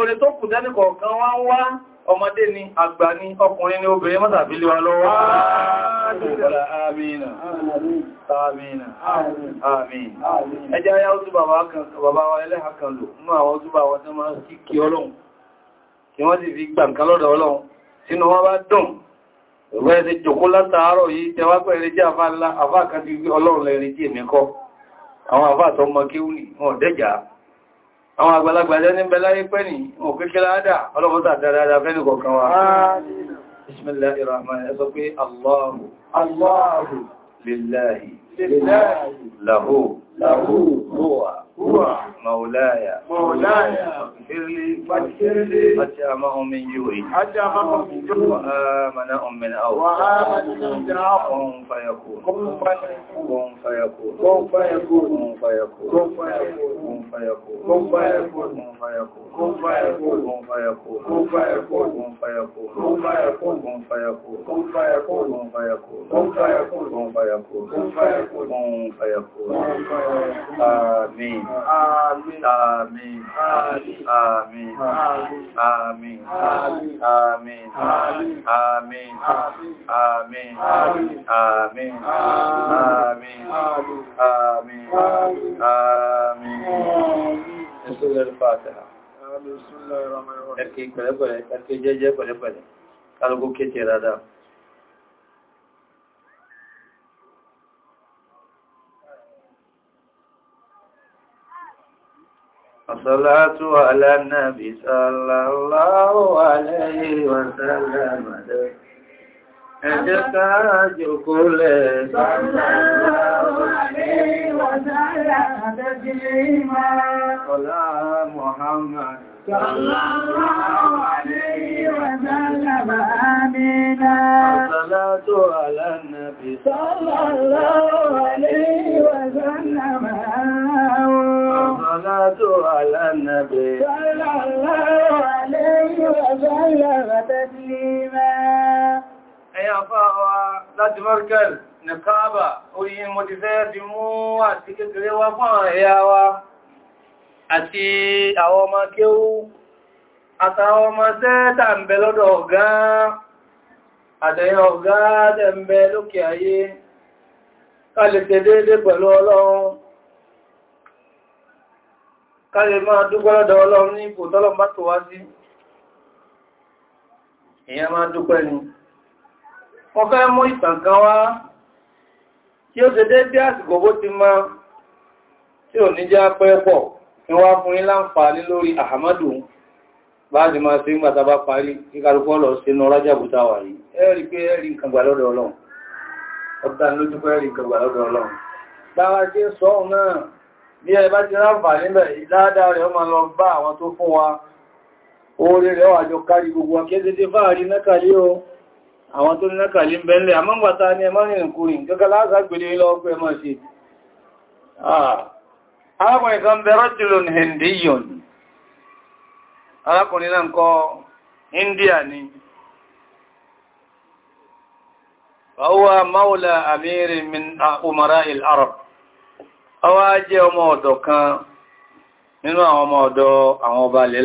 ọ̀dá ọmọdé ni àgbà ni ọkùnrin ni obìnrin mọ́sàbí lè wa lọ́wọ́ ẹjá yá ojú bàbá wa ẹlẹ́ha kan lò nínú àwọn ojú bàbá tí máa kí kí ọlọ́run kí wọ́n sì fi gbà nǹkan lọ́dọ̀ ọlọ́run sínú wọ́n bá dùn ìwẹ́ ẹ̀sẹ̀ jòkó látàárọ̀ yìí tẹwà pẹ̀lẹ̀ jẹ́ àfáà kan ti ọlọ́run lẹ́rin tí èmẹ́kọ́ àwọn àfáà tó mọ kéwù ní wọn dẹ́jà àwọn àgbàlagbà jẹ́ ní bẹ̀láyé pẹ́ ní wọn kékeré àádà ọlọ́pọ̀tà dáadáa fẹ́lú kọ̀ọ̀kan wa bismillahir rahmanir rahim sọ pé allahu lillahi lillahi lahu lahu huwa huwa maulaya maulaya fakirli fakirli àti àmáhùn min yúrí àti àmáhùn min yúrí wa amana min aw wa amana min aw kun fayakun kun fayakun kun fayakun kun fayakun fayakun فيكون كن فيكون كن فيكون كن فيكون كن فيكون كن فيكون كن فيكون كن فيكون كن فيكون كن فيكون كن فيكون كن فيكون كن فيكون كن فيكون آمين آمين آمين آمين آمين آمين آمين آمين آمين آمين آمين آمين آمين آمين آمين Ẹ̀sùn ìfàtàrà. Ẹ̀kẹ́ pẹ̀lẹ́pẹ̀lẹ́, ẹ̀kẹ́ jẹ́jẹ́ pẹ̀lẹ́pẹ̀lẹ́, kálùkú kéte dáadáa. As-salatu ala nabi sallallahu alayhi wa sallam. Ẹ jẹ́ ká jòkó lẹ̀ sallallahu alayhi wa sallam. تسليما صلى محمد صلى الله عليه وسلم آمينا الصلاة على النبي صلى الله عليه وسلم الصلاة على النبي صلى الله عليه وسلم تسليما يا فاوى لا تمركز nìkáàbà orí mo ti fẹ́ di mú àti kékeré wá fún àwọn ẹ̀yà wa àti àwọn ọmọ kéwú àtàwọn ọmọ sẹ́ẹ̀tà ń bẹ lọ́dọ̀ ọ̀gá àtẹ̀yìn ọ̀gá tẹ̀ ń bẹ lókè ayé ká lè ṣe déédé pẹ̀lú ọlọ́run ká lè máa dúpẹ́ lọ́dọ̀ ọlọ́run ní ipò tọ́lọ́ bá mo fẹ́ mú ìtàn wá tí ó ṣe dédé àsìkò bó ti máa tí ò ní jẹ́ pẹ́ pọ̀ ní wá fún yín láǹfààní lórí àhàmádù bá ti máa ṣe ń gbàta bá parí kí kálukú lọ sí inú rájàbùtà wà yìí ẹ̀rí pé ẹ̀rí nǹkan gbà lọ́dọ̀ ọlọ́run ọ̀tá lójú pé ẹ̀rí nǹkan gbà lọ́dọ̀ ọlọ́run bára ṣe sọ àwọn tó ní nákàlí ń bẹ́ẹ̀lẹ̀ àmọ́gbàta ní ẹmọ́ ní ìkúrin gẹ́gẹ́ láàgbèrè lọ́pẹ́ mọ́ sí ah. arákùnrin kan bẹ rọ́jùlùn hindiyon arákùnrin náà kọ́ india ni ọwọ́ maula amiri min umara il-arab ọwọ́ jẹ́ ọmọ ọ̀dọ̀ kan nínú àwọn ọmọ ọ̀dọ̀ àwọn ọba ilẹ̀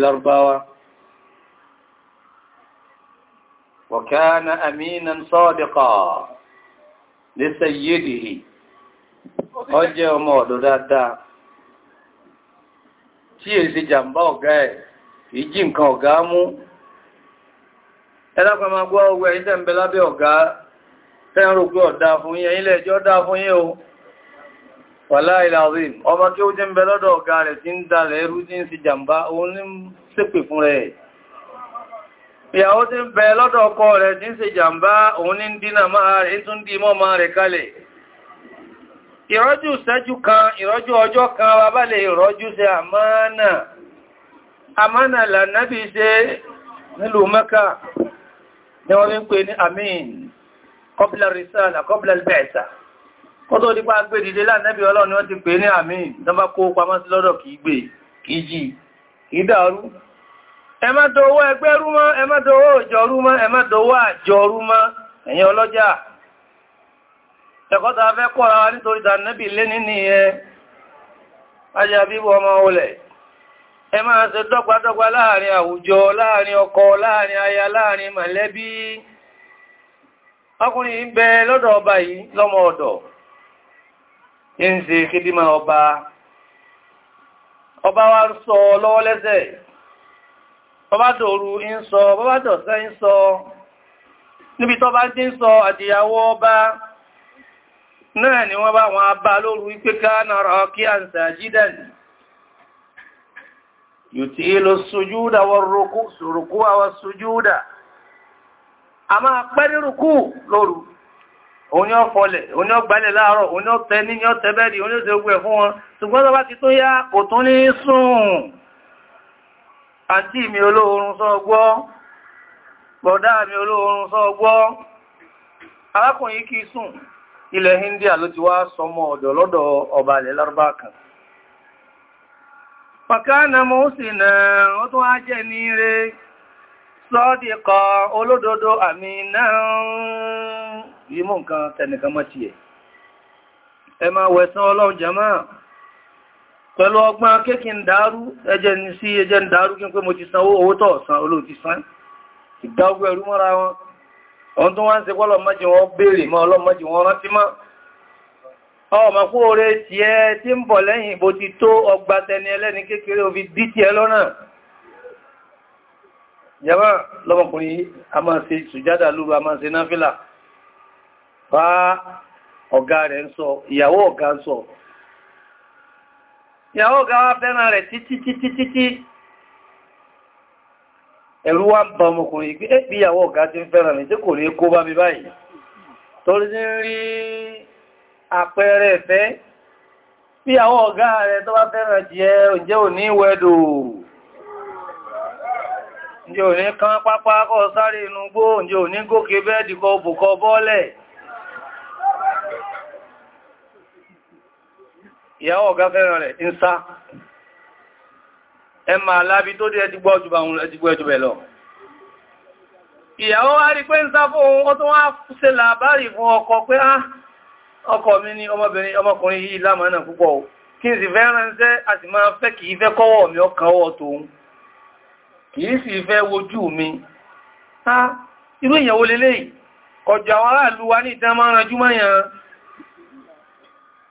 وكان أمينا صادقا لسيده ọjẹ́ ọmọ ọ̀dọ̀ dáadáa tí è sí jàmbá ọ̀gá ẹ̀ ìjí nǹkan ọ̀gá mú ẹlápàá ma gbọ́ ọgbẹ̀ ìjẹ́ ń bẹ lábẹ́ ọ̀gá tẹ́rù pé ọ̀dá fún yín ilẹ̀ ẹjọ́ dá fún o wàláhì làzím ọmọ kí ó jẹ́ ń bẹ lọ́dọ̀ ọ̀gá rẹ̀ tí ń dalẹ̀ ẹrú tí ń sí jàmbá òun ní ìyàwó tí ń bẹ lọ́dọ̀ ọkọ rẹ̀ tí ń ṣe jàmbá òun ní dínà máa rẹ̀ tún dí mọ́ máa rẹ̀ kalẹ̀ ìrọ́jú ṣẹ́jú kan ìrọ́jú ọjọ́ kan wà bá lè ìrọ́jú ṣe àmánà àmánà lànábì ṣe nílùú Mẹ́kà ni wọ́n ń pè ní amin kọbílà rìsáàlà kọbílà bẹ̀ẹ̀sà kó tó dípá gbé dìde lánàbì ọlọ́run ni wọ́n ti pè ní amin ẹ má dọwọ́ ẹgbẹ́ rú mọ́ dọwọ́ òjò rú mọ́ dọwọ́ àjọ ọlọ́jà ẹ̀kọ́ta fẹ́ kọ́ra wa nítorí lé ẹ ajá bíbọ ọmọ olẹ̀ ẹ ṣe dọ́gbadọ́gba láàrin àwùjọ láàrin ọkọ láàrin aya láàrin mọ̀lẹ́bí ọkùnrin ń bẹ lọ́dọ̀ ọba yìí lọ́mọ ọ̀dọ̀ ọba sọ bọ́bá dòru ń sọ bọ́bá dọ̀sẹ́ sọ níbi tọ́bá ń sọ àdìyàwó ọba náà ni wọ́n bá wọn bá lóru wípé káànà rọ̀kí àǹsà jídàn yutilu sujúdà àwọn a máa pẹ́ ní lóru yóò láàárọ̀ wọn ṣùgbọ́n ti tó yá kò àǹtí mi olóorun sọ́gbọ́ bọ̀dá mi olóorun sọ́gbọ́ arákùnrin kí sùn ilẹ̀ India ló ti wá sọmọ ọ̀dọ̀ lọ́dọ̀ ọba ilẹ̀ Lárúbá kan pàkánà mọ́ niile, náà wọ́n jẹ́ ní sọ́dìkọ olódodo àmì náà yìí mú nǹkan tẹnìkan mọ́ pẹ̀lú ọgbọ́n kéèkì ń dárú ẹjẹ́ ní sí ẹjẹ́ ń dárú kí n pé mo ti sanwó owó tọ̀ san olóòtí san ìdá ogun ẹ̀rú mọ́ra wọn ọ̀n tó wá ń ṣe pọ́lọ̀ mọ́jì wọn béèrè mọ́ ọlọ́mọ́jì wọn rántí mọ́ ọmọ kú oore tí ẹ tí ń bọ̀ lẹ́yìn bó ti tó ọgbà ìyàwó ọ̀gá ń sọ ìyàwó ga wá fẹ́ràn rẹ̀ títí títí títí ẹ̀rù wá ń bá ọmọkùnrin pé ẹ́pì ìyàwó ọ̀gá ti ń fẹ́ràn tí kò ní kó bá mi báyìí torí rí àpẹẹrẹ ẹ̀fẹ́ bí àwọn ọ̀gá rẹ̀ tó bá fẹ́ràn jẹ́ òjẹ́ òní wẹ́dò kọ ìyàwó ọ̀gá fẹ́ràn rẹ̀ ń sá ẹ máa tó dé ẹdìgbọ́ lọ ìyàwó wá rí pé ń sá fún ohun ó ah, ọkọ mi ní ọmọbìnrin ọmọkùnrin yìí púpọ̀ kí n sì fẹ́ ránṣẹ́ máa fẹ́ kìí fẹ́ kọ́wọ́ mi kìí sì fẹ́ wojú mi ah, irú ìyàwó kọjọ àwọn wa ní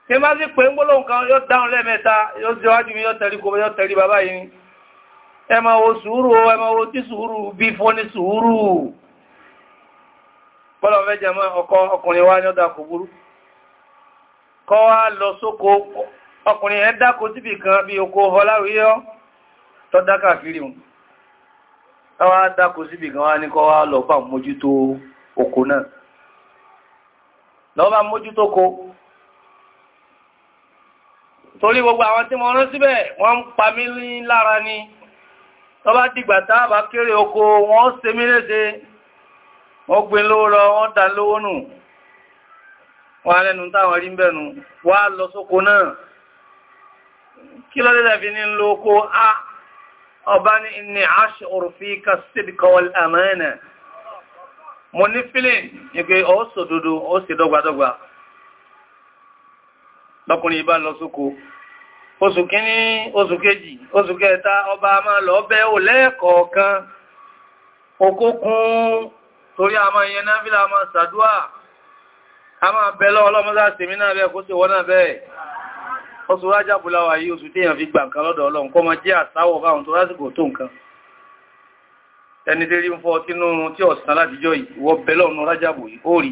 tí máa sí pé ń nǹkan yóò dáhùn lẹ́mẹ́ta yóò sí mi yóò yóò bàbá yìí ni ẹ wo sùúrù o wo tí sùúrù bí fún ní sùúrù mẹ́jẹ ọkọ ọkùnrin wá ní kò lọ sóko ọkùnrin ẹ dákò síbì kan bí oko ọláwíyọ́ tọ́ dákà wá dákò síbì kan wá ní kọ́ wá lọ mójútó torí gbogbo àwọn tí mo rán síbẹ̀ wọ́n ń pa mí lára ni tó bá dìgbà táàbà kéré oko wọ́n ṣe mí léṣe wọ́n gbé lówó lọ wọ́n dá lówó nù wọ́n lẹ́nu táwọn rí bẹ̀nu wá lọ sóko náà kí lọ lẹ́lẹ́ fi ní ló kó a ọba ní inni ash'uru fika as-sidqa wal-amana mo ní fílìn ìgbé ọ́ sòdodo ó sì dọ́gbadọ́gba lọ́kùnrin bá lọ sóko oṣù kíní oṣù kejì oṣù kẹta ọba máa lọ bẹ́ ò lẹ́ẹ̀kọ̀ọ̀kan okókún torí a máa yẹn náfílà a máa sàdúà a máa bẹ̀lọ́ ọlọ́mọdá sèmí náà bẹ́ẹ̀ kó sì wọ́n náà bẹ́ẹ̀ oṣù rájábùláwà yìí oṣù tí èèyàn fi gbà nǹkan lọ́dọ̀ ọlọ́run kọ́ máa jẹ́ ẹni tí rí ń fọ́ tínú tí ọ̀sán látijọ́ yìí wọ́ bẹ́lọ́run rájábù yìí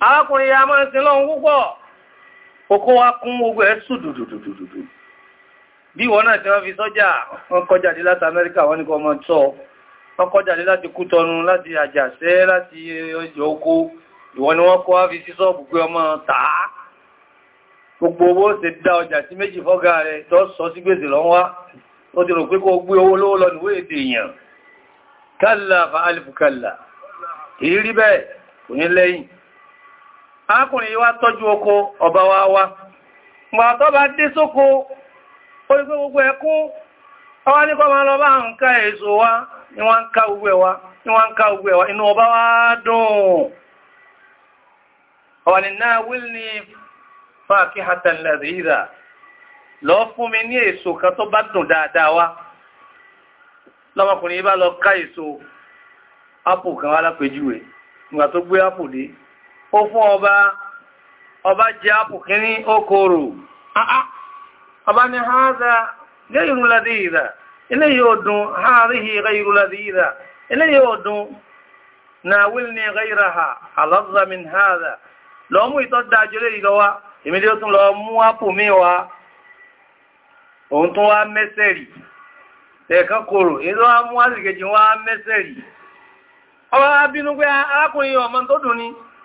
arákùnrin ya máa ń sin lọ́run púpọ̀ kòkó wá kún gbogbo ẹ̀ sù dùdùdùdùdù bí wọ́n náà tí wọ́n fi sọ́jà wọ́n kọjáde láti Amẹ́ríkà wọ́n ní kọ́ ọmọ tọ́ wọ́n kọjáde láti Kútọnu láti Àjàṣẹ́ láti ọjọ́ oko ìwọ́n ni wọ́n kọ́ wá fi sísọ́ gbogbo ọmọ tàá gbogbo owó ṣe dá ọjà sí méjì fọ́gá rẹ̀ tó sọ sí gbèsè lọ́n wá ó ti rò pé kó gbé owó lówó lọ níwé èdè èèyàn kálà fa alifu kálà kìí rí bẹ́ẹ̀ kò ní lẹ́yìn arákùnrin yìí tọ́jú oko ọba wa wá gbà tó bá dé sóko orí gbogbo ẹkú ọwá ní kọ́ máa lọ bá ń ká èso wá ní wọ́n ká gbogbo ẹ̀wá ní wọ́n ká gbogbo ẹ̀wá inú ọba wá dùn ọwà ní náà wíl ní fàákí hatan lẹ́rìíra lọ ó fún ọba ọba jẹ́ àpùkíní okòrò ah, ah. ọba ni haza gairu ladida ilé yóò dùn hazihi gairu ladida ilé yóò dùn na wilni gairaha alazza min haza lọ mú ìtọ́ dájú lọ ọba bínú pé arákùnrin ọmọ tó dùn ni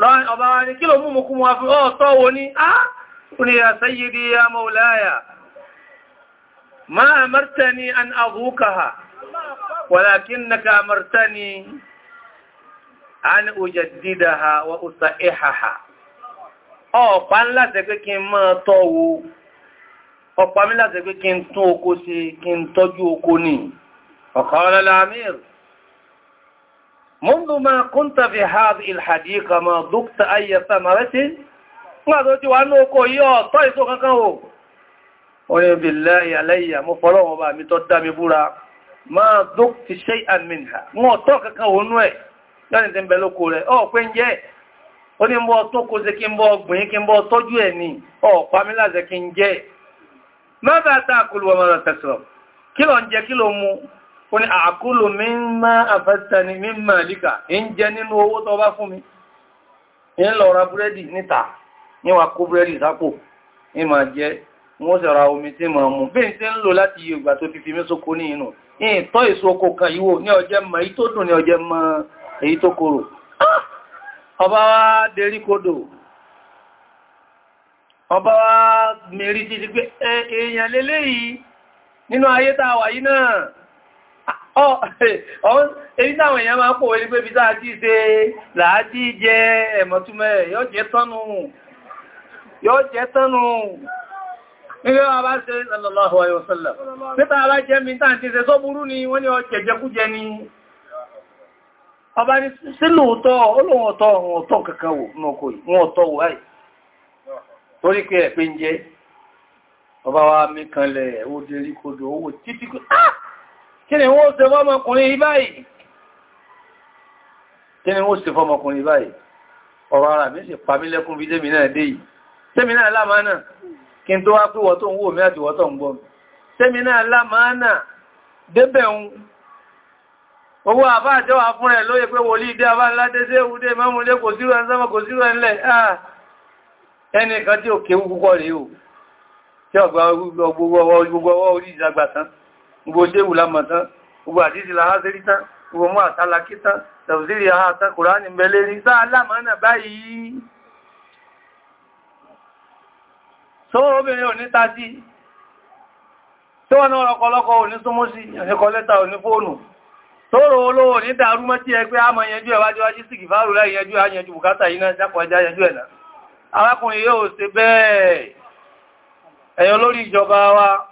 ọba wa ní kí ló mú mú kú mú wá fún ọ́ọ̀tọ́ wo ní á ní ya sayyidi ya maulaya ma amartani an azukaha walakinnaka amartani an ujaddidaha wa usaihaha ọ̀pá láti pé kí n máa tọ́ wo ọ̀pá mi láti pé kí n tún oko sí kí n tọ́jú oko ní ọ̀kọ̀ ọ̀lọ́lá amir منذ ما كنت في هذه الحديقة ما ذقت أي ثمرة ما ذوتي وأنه كويو طيسو كاكاو وني بالله علي مفرون با متدامي بورا ما ذقت شيئا منها مو توكا كاو نوي يعني تنبلو كوري او كوينجي ó ní mbọ́ tó kó ṣe kí mbọ́ ọgbìn kí mbọ́ tọ́jú ẹ̀ ní ọ̀pá mi láti kí ń jẹ́ mẹ́bàá tá àkúlùwọ̀ ó ní àkúlù mímá àfẹ́sẹ̀ni mímá líkà ń jẹ nínú owó tó bá fún mi ń lọ ra búrẹ́dì níta níwà kó búrẹ́dì sápò ní ma jẹ wọ́n sì ra omi tí ma mú bí n tí ń lò láti iye ìgbà tó fífi mí sóko ní inú ìtọ́ èso oko kan ìwò ní ọjẹ́ mọ̀ èyí tó dùn ní ọjẹ́ mọ̀ èyí tó korò ah! ọba wá derí kodò ọba wá mẹ́rí títí pé èèyàn lélẹ́yìí nínú ayé tàwà yìí náà èyí náà èèyàn máa pòwé ní pé bí dáa tí ṣe làájí jẹ jẹ tánú yóò jẹ tánú nígbé wa bá ṣe sallallahu alaihi wasallam níta bá jẹ́ mi tàn ti ṣe ni wọ́n ni ni ọba ni olóhun ọ̀hun kankan wò ní ọkọ̀ yìí wọ́n wò torí kí ni wọ́n ṣe fọ́mọkùnrin báyìí kí ni wọ́n ṣe fọ́mọkùnrin báyìí ọ̀rọ̀ ara mi sì pa mí lẹ́kún bí tẹ́mi náà dé yìí tẹ́mi náà lámánà kí n tó wá pé wọ́n tó ń wò mí àti wọ́n tó ń gbọ́ mi tẹ́mi náà lámánà débẹ̀ ń owó àbá àjọwà fún rẹ̀ lóye pé wòlí ìdí gbogbo ṣéwù lámọ̀tán gbogbo àdísì láhásírí tán gbogbo mú àtàlákí tán tẹ̀wùsírí àhátán kùránì mẹ́lẹ́ rí sáà lámọ̀nà báyìí tó obìnrin ò ní tàbí tó wọ́n náà ọ̀pọ̀lọpọ̀ ò ní súnmọ́ sí ẹ̀kọ́ lẹ́ta fóònù tó rò olówó ní dàrú ẹgbẹ́ a sí àyẹnjú ẹ̀nà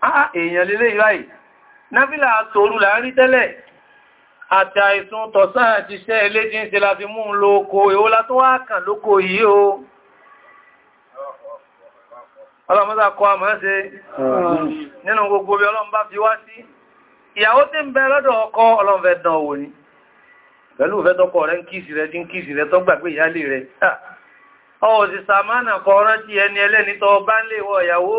Ah, ah, èèyàn lélé ìráì náfílà àtòrú láàrin tẹ́lẹ̀ àti àìsùn tọ̀sán àti iṣẹ́ ilé jí ń ṣe láti mú un lo oko èwo látó wá kàn lóko yìí o ọlọ́mọ́sá kọ àmọ́ ṣe nínú gbogbo bí ọlọ́run bá fi wá sí ìyàwó tí ń bẹ lọ́dọ̀ ọkọ ọlọ́run fẹ́ dán wò ní pẹ̀lú ìfẹ́ tọ́kọ rẹ̀ ń kíìsì rẹ̀ tí ń kíìsì rẹ̀ tọ́ gbàgbé ìyálé rẹ̀ ọ̀sì sàmánà kọ rántí ẹni ẹlẹ́ni tọ́ bá ń lè wọ ìyàwó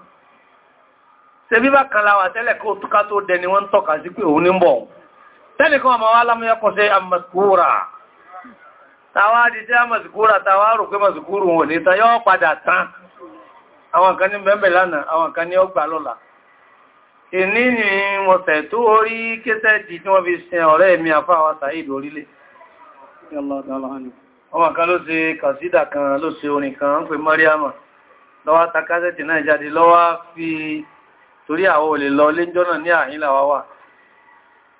ṣebí bá kàlà wà tẹ́lẹ̀ kó túká tó dẹ ni wọ́n tọ́ka sí pé òun ní ọmọ wa lámúyẹ́kọ́ sí amaskúra tàwà di tí amaskúra tàwà rò pé padà tán àwọn kan ní bẹ́ẹ̀bẹ̀ lánàá àwọn kan ní ọgbà lọ́la ni wọ́n tó orí kẹsẹ́ẹ̀tì tí wọ́n fi sin ọ̀rẹ́ mi àfá wa sàíd orílẹ̀ ṣe kan ló ṣe orin kan ń pè lọ́wọ́ takásẹ́tì náà jáde lọ́wọ́ fi torí àwọn olè lọ lé jọ náà ní àyílà wá wà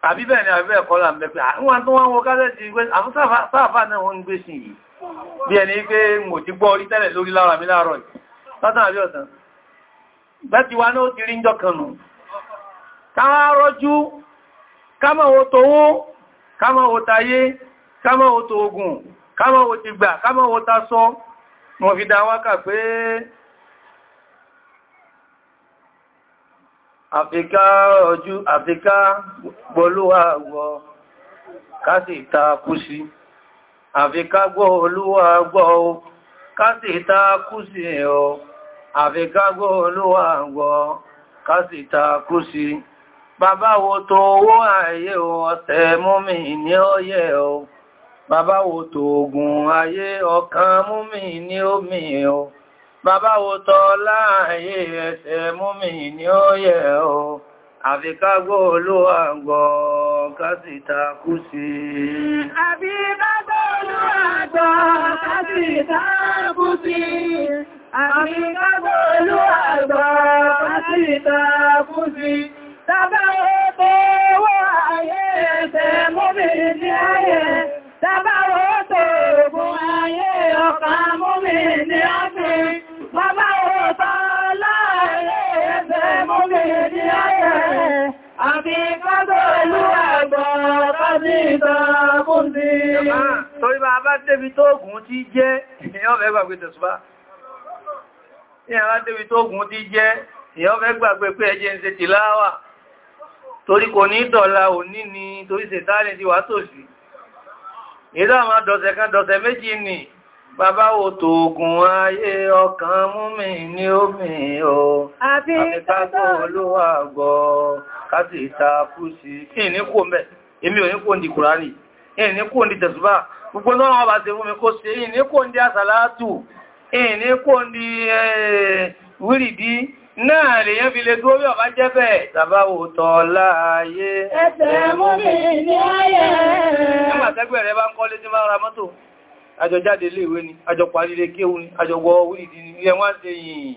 àbí bẹ́ẹ̀ ni àbí bẹ́ẹ̀ kọ́lá ń bẹ́ pé àwọn ah, tó wọ́n wọ kásẹ̀tì ìgbé àwọn sáàfà náà wọ́n ń gbé sí yìí bí ẹni pé mò ti gbọ́ orí tẹ́lẹ̀ lórí lára mi láàárọ̀ yìí látàn àbí ọ̀sán bẹ́ti wa náà ti rí ń jọ kanù káwàá rọ́jú fi dá wákà pé àfikà ojú àfikà gbọ́lúwà gbọ́ kásì ta kú sí àfikà gbọ́ olúwà gbọ́ o kásì ta kú sí o àfikà gbọ́ olúwà gbọ́ kásì ta kú sí bàbá wo tó owó ayé o ọ̀tẹ̀ múmi ní ọyẹ́ o bàbá wo tó ogun ayé ọkàn múmi ní omi o. Bàbá wo tọ́ láàyè ẹsẹ̀ múmi ní ó yẹ o, àfikágbó olúwa gbọ́ kásìta kú sí. Àfikágbó olúwa gbọ́ kásìta kú sí. Àfikágbó olúwa gbọ́ kásìta kú sí. Bàbá wo tọ́ láàyè ẹsẹ̀ múmi ní ó yẹ Tábàwọ́ tó ògùn ayé ọkà múmi ní ọ́fíì sí kájọ́ ìlú àgbà kájí ìtàkù sí. Torí bá bá débi tó ògùn tí jẹ́, èèyàn fẹ́ gbàgbé tẹ̀sùbá. Ní àbá débi tó ògùn tí jẹ́, èèyàn fẹ́ gbàgbé pé ẹjẹ́ ń ṣe tìláwà. Torí kò ní dọ̀la òní ni torí ṣètàlẹ̀ ti wà tòsí. Ìdá àmà dọ̀sẹ̀ kan dọ̀sẹ̀ méjì ni Bàbá wo tòògùn ayé ọkàn mú mi ní omi o, àbí kágbó olówà gbọ́, káti ìta sí. Kí ní kò mẹ́, èmi ò ní kò ní Kùránì, ìní kò ní tẹ̀sùbá, gbogbo náà wọ́n bá ti fún mi kó ṣe, ìní ní kò ní eh, wírìdí, náà lè yẹn ní àjọ jáde ilé ìwé ni àjọ parí ilé kéwú ni àjọ wọ orílẹ̀-èdè ni ilẹ̀ wọ́n ṣe yìí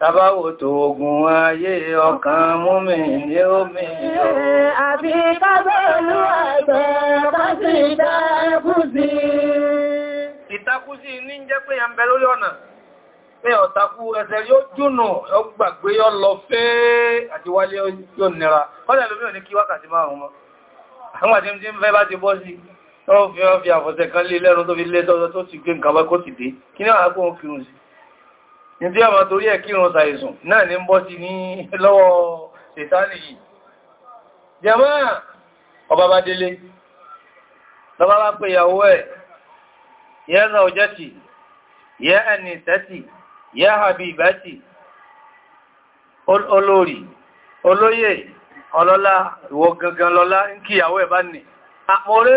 tàbáwò tó ogun ayé ọkàn múmi ní omi àbí kábẹ̀lú àgbẹ̀ kásì ìtàkùsí ìtàkùsí ní jẹ́ pé yà ń bẹ pé ọ̀takú ó fi ọ́ fi àfọ̀sẹ̀ kan lé lẹ́run tó fi lé tọ́jọ́ tó sì gbé nǹkan bá kó sì dé kí ní àwọn agbóhun kírun sí ní tí a máa torí ẹ̀ kírun sàìsùn náà ní ń bọ́ sí ní lọ́wọ́ sètánì yìí jẹmọ́ ọba bá délé olórí olóyè ọlọ́lá ìwọ gangan lọ́lá ń kí ìyàwó ẹ̀ nì àpọ̀rẹ́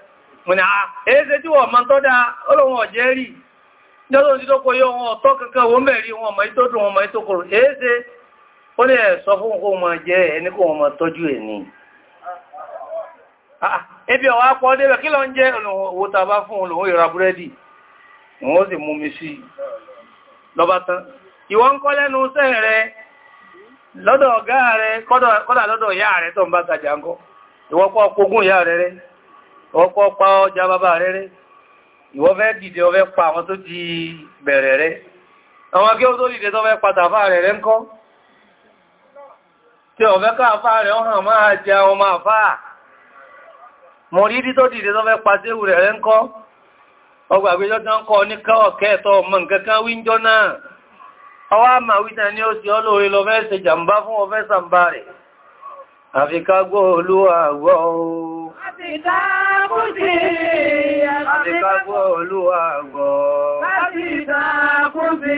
mo a ah, eze èéṣe tí wọ́n máa olóhun ọ̀jẹ́ rí jọ́lọ́ ti tókò yóò wọn ọ̀tọ́ kankan wọ́n mẹ́rin wọn mọ̀ tó wọn mọ̀ tó kòrò ó ní ẹ̀sọ fún kó máa jẹ́ ẹni kó tọ́jú ah, ẹ̀ ní ebi débẹ̀ kí lọ ń jẹ́ olóhun ọkọ̀ pa ọjà bàbá rẹ̀ rẹ̀ ìwọ fẹ́ dìde ọfẹ́ pa àwọn tó ti bẹ̀rẹ̀ rẹ̀ àwọn kí ó tó dìde tó fẹ́ padà fà rẹ̀ rẹ̀ ń kọ́ tí ọfẹ́ káàfà rẹ̀ ọ̀hàn máa jẹ ọmọ àfà mọ̀ rírí tó dìde tó fẹ́ pa séwù rẹ̀ rẹ̀ ń kọ́ ọgbàgbéjọ́ tó ń kọ́ ní kọ́ọ̀kẹ́ ẹ̀tọ́ ọmọ nǹkan kan wíńjọ́ náà ọwá àmà wíta ní ó sì ọlóore lọ fẹ́ ṣe jàmbá fún ọfẹ́ sàmbá Àtìká kú sí àtìká kú olúwa gọ̀ọ́. Àtìká kú sí.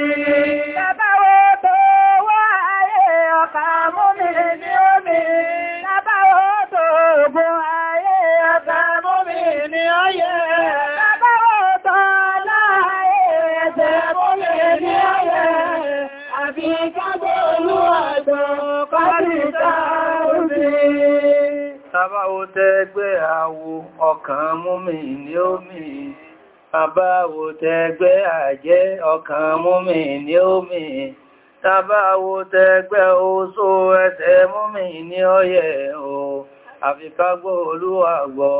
Bàbá ó tẹ́gbẹ́ àwo ọkàn múmi ní omi. Bàbá ó tẹ́gbẹ́ àjẹ́ ọkàn múmi ní omi. Bàbá ó tẹ́gbẹ́ oṣó ẹsẹ̀ múmi ní ọyẹ̀ o. Àfikágbó olúwa gbọ́.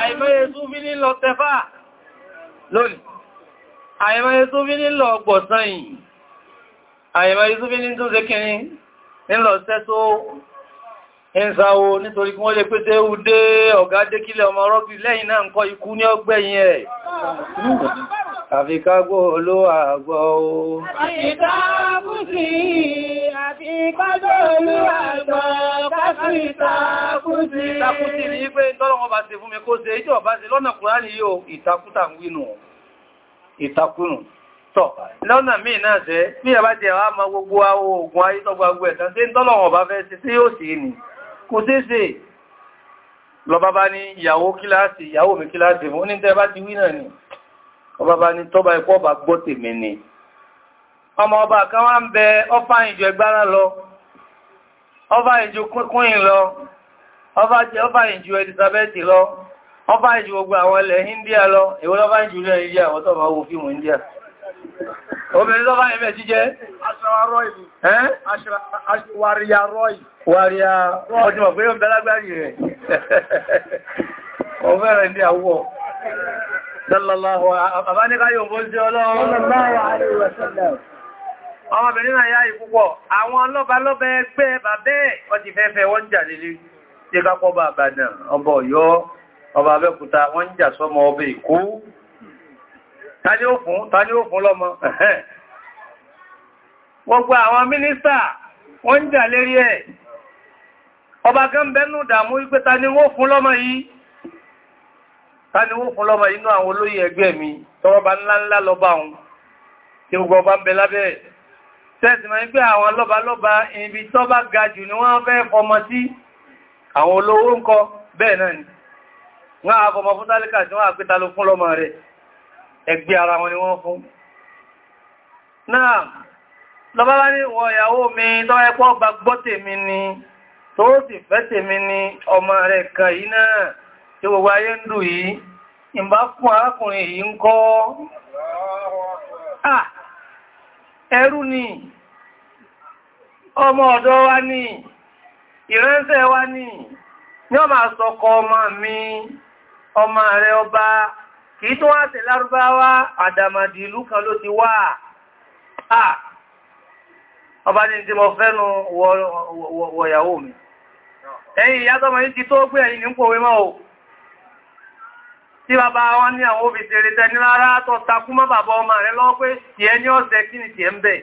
Àìmọye súnfí ní lọ tẹfà lónìí. Àìmọye súnfí ní lọ gbọ̀sán yìí. Àìmọye súnfí ní tún ẹ̀sàwò nítorí kí wọ́n lè pété udé ọ̀gá dékílẹ̀ ọmọ rọ́bì lẹ́yìn náà kọ́ ikú ní ọgbẹ̀yìn ẹ̀ àfikágbó ló àgbọ́ o àfikágbùsí lọ́nà Kùránì náà ṣe bí ẹ̀bá jẹ́ wá gbogbo àwọn oògùn ayítọ́gbàgbẹ̀ tán tí ń tọ́lọ̀wọ̀n bá fẹ́ sí tí yóò sí ni kò tẹ́sẹ̀ lọba bá ní ìyàwó kíláàsì ìyàwó mi kíláàsì mú ní tẹ́ bá ti wí náà ni ọba bá ní tọ́ba ikọ́ ọba gbọ́ tèmi ni ọmọ ọba kan wá ń bẹ ọfà ìjọ ẹgbára lọ ọfà ìjọ kúnkún lọ ọfà ìjọ Elizabeth lọ ọfà ìjọ gbogbo àwọn ilẹ̀ India lọ èwo lọ́fà ìjọ ilẹ̀ India àwọn tọ́ba obìnrin tó bá ẹ̀mẹ́ jíjẹ́ wàríyà rọ́ì wàríyà ọjọ́ pé ó ń bẹ́lágbárí rẹ̀ ọ̀fẹ́rẹ̀ ní àwọ̀ sallallahu àbáníkáyò bó jẹ́ ọlọ́run ọmọbìnrin náà yá ìpúpọ̀ àwọn ọlọ́ba lọ́bẹ̀ ẹgbẹ́ bàbẹ́ wọ́n ti fẹ́fẹ́ wọ́n jà lílé tí kápọ̀ bàbàdàn ọba Ọ̀yọ́ ọba Abẹ́òkúta wọ́n jà sọ́mọ ọba Èkó tani ó fún tani ó fún lọ́mọ gbogbo àwọn mínísítà wọ́n ń jà lérí ẹ̀ ọba kan dàmú wípé tani ó fún lọ́mọ yìí tani ó fún lọ́mọ inú àwọn olóyè ẹgbẹ́ mi tọrọba ńláńlá lọ́ba òun tí gbogbo bẹ́ẹ̀ náà ni wọ́n á fọmọ fún tálíkà tí wọ́n á fún lọ́mọ rẹ̀ ẹgbẹ́ ara wọn ni wọ́n fún náà lọ́bá bá ní wọ ìyàwó mi tọ́ ẹpọ́ bá gbọ́ tèmi ni tó sì fẹ́ tèmi ni ọmọ rẹ̀ kan yìí náà tí gbogbo ayé ń dù yìí ìbá fún arákùnrin yìí ń kọ́ ah, ẹrú ni ọmọ ọ̀dọ́ wa ni ìránṣẹ́ wa ni ni ọmọ àsọkọ ọmọ mi ọmọ rẹ̀ ọba kìí tó wá sí lárúbáwá àdàmàdì ìlú kan ló ti wá àà ọba ní tí mo fẹ́nu wọ̀yàwó mi ẹ̀yìn ìyá tọ́mọ yìí ti tó gbé ẹ̀yìn ní pòwé mọ́ o tí bàbá wọn ní àwọn òbí tèrè tẹni rárá tọ́ takú mọ́ bàbá ọmọ rẹ lọ pé tí ẹ ní ọ̀sẹ̀ kí ni tí ẹ ń bẹ̀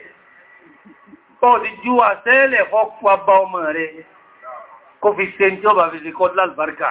kọ́ ti jú àṣẹ́lẹ̀ fọ́ ọmọ rẹ kó fi ṣe ní ọba fi lè kọ́ lálùbáríkà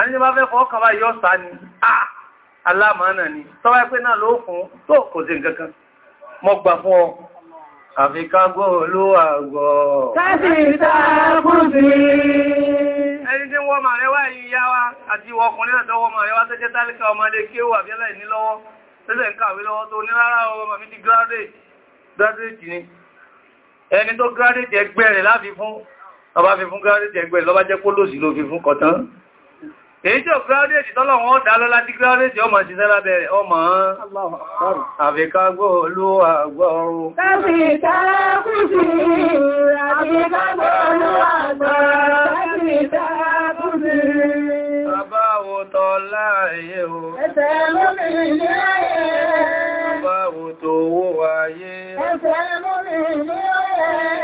àní tí bá fẹ́ fọ́ kàbá yọ́ sá ni aláàmàánà ni tọ́wọ́ ẹgbẹ́ náà ló fún tó kò sí nǹkankan mọ́ gbà fún ọ àfikágọ́ olówàgọ́ tásìta kùsì ẹni tí wọ́n màá rẹwà ìyá wa àti ìwọ ọkùnrin àti ọwọ́ màá rẹwà tó jẹ́ tálíkà ọmọdé kéwò àbíẹ́lẹ̀ nílọ́wọ́ tẹ́lẹ̀ ń kàwé lọ́wọ́ tó nílára ọwọ́ màmí ti gírádéètì ni ẹni tó gírádéètì ẹgbẹ́ rẹ̀ láfi fún ọba fi fún gírádéètì ẹgbẹ́ lọ́bá jẹ́ kó lòsì ló fi fún kọ̀tán èyí tí ò gráúdéjì tọ́lọ̀ wọn dá lọ́lá tí gráúdéjì ọmọ ṣiṣẹ́ lábẹ́rẹ̀ ọmọ àfikágbó olúwa gbọ́rún Bàbáwo tọ́lá ayé o. Ẹsẹ̀ lómi ní ayé. Bàbáwo tó wó ayé. Ẹsẹ̀ lómi ní ayé.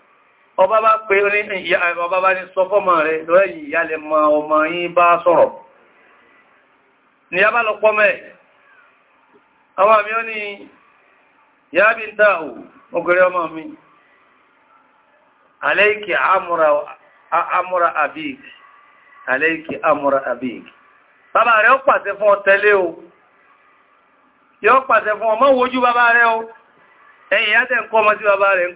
ọba bá pé ọba bá ní sọ fọ́mọ̀ rẹ̀ lọ́rẹ̀ yìí ya lè mọ ọmọ yín bá sọ̀rọ̀ ni a bá lọ pọ́mẹ́ àwọn àmì ó ní ya bí ń dáhù ọkùnrin ọmọ mi aléìkì amúra àbíkì aléìkì amúra àbíkì bàbá rẹ̀ ó pàṣẹ fún ọ tẹ́lé o yóò pàṣẹ fún ọmọ wojú bàbá rẹ̀ o ẹ̀yìn yá tẹ́ ń kọ́ ọmọ sí bàbá rẹ̀ ń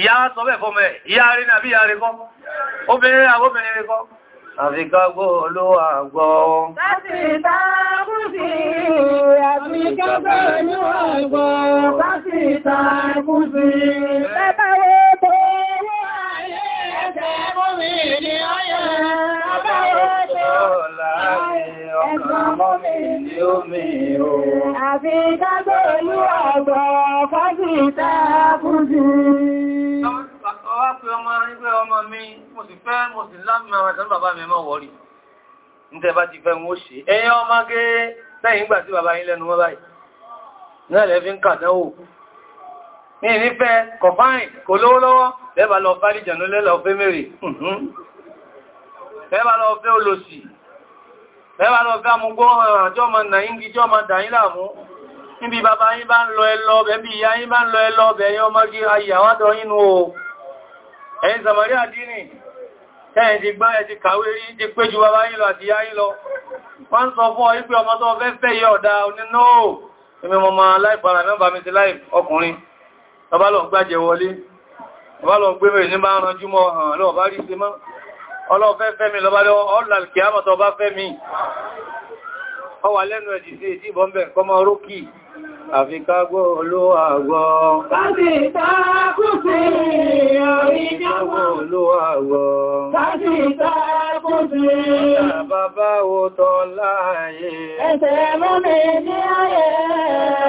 ìyá sọ bẹ́ẹ̀ fọ́mọ̀ ẹ̀ ìyá rí nàbí ìyá rí kọ́ obìnrin àwọn obìnrin rí kọ́ àfikágbó olówà gbọ́ láti ìtàkù sí àfikágbó olówà gbọ́ ọmọ nígbẹ́ ọmọ mi mo sì fẹ́ mo sì lámìí àwọn àtàrí bàbá mi mọ́ wọ́rí nítẹ́ bá ti fẹ́ wọ́n ṣe ẹ̀yìn ọmọ gé lẹ́yìn ìgbà tí bàbá yín lẹ́nu mọ́ báyìí náà lẹ́fí ń kàdánwò ní ìnífẹ́ kọ̀fáìn kò lówó lọ́wọ́ lẹ́bà lọ fárí jànú lẹ́lọ fẹ́ mẹ́rẹ̀ lẹ́bà lọ fẹ́ olóṣì lẹ́bà lọ fẹ́ amúgbó ọjọ́ ọmọ nàíjì jọ́ ọmọ dàín láàmú níbi bàbá yín bá ń lọ ẹlọ bẹ̀ bí ìyá yín bá ń lọ ẹlọ bẹ̀ ọmọ gí ayàwádọ́ yínú o ẹ̀yin sàmàrí àdínì ẹ̀yin ti gbá ẹ̀ ti kàwé rí ti pé ju bàbá yìí lọ àti yá yìí lọ wọ́n sọ fún ọ wípé ọmọ tó fẹ́ fẹ́ yẹ ọ̀dá onínóò ẹmẹ mọ ma láìpù ara mẹ́bà mi ti láì ọkùnrin bàbá lọ gbájẹ wọlé bàbá lọ gbé mẹ́rin ní bá ránjú mọ́ hàn lọ bá rí ṣe mọ́ ọlọ́fẹ́ fẹ́ mi lọ́bá lọ ọlàlùkì àmọ̀tọ̀ bá fẹ́ mi ọwà lẹ́nu ẹ̀jì sí èdí ìbọ̀m̀bẹ̀ kọmọ orókì àfi kágbó olówàgbọ́. Káàkì ìtàkù sí orí kágbó olówàgbọ́. Káàkì ìtàkù sí bàbá wo tọ́ láàyè. Ẹsẹ̀ mọ́ mi ní ayé.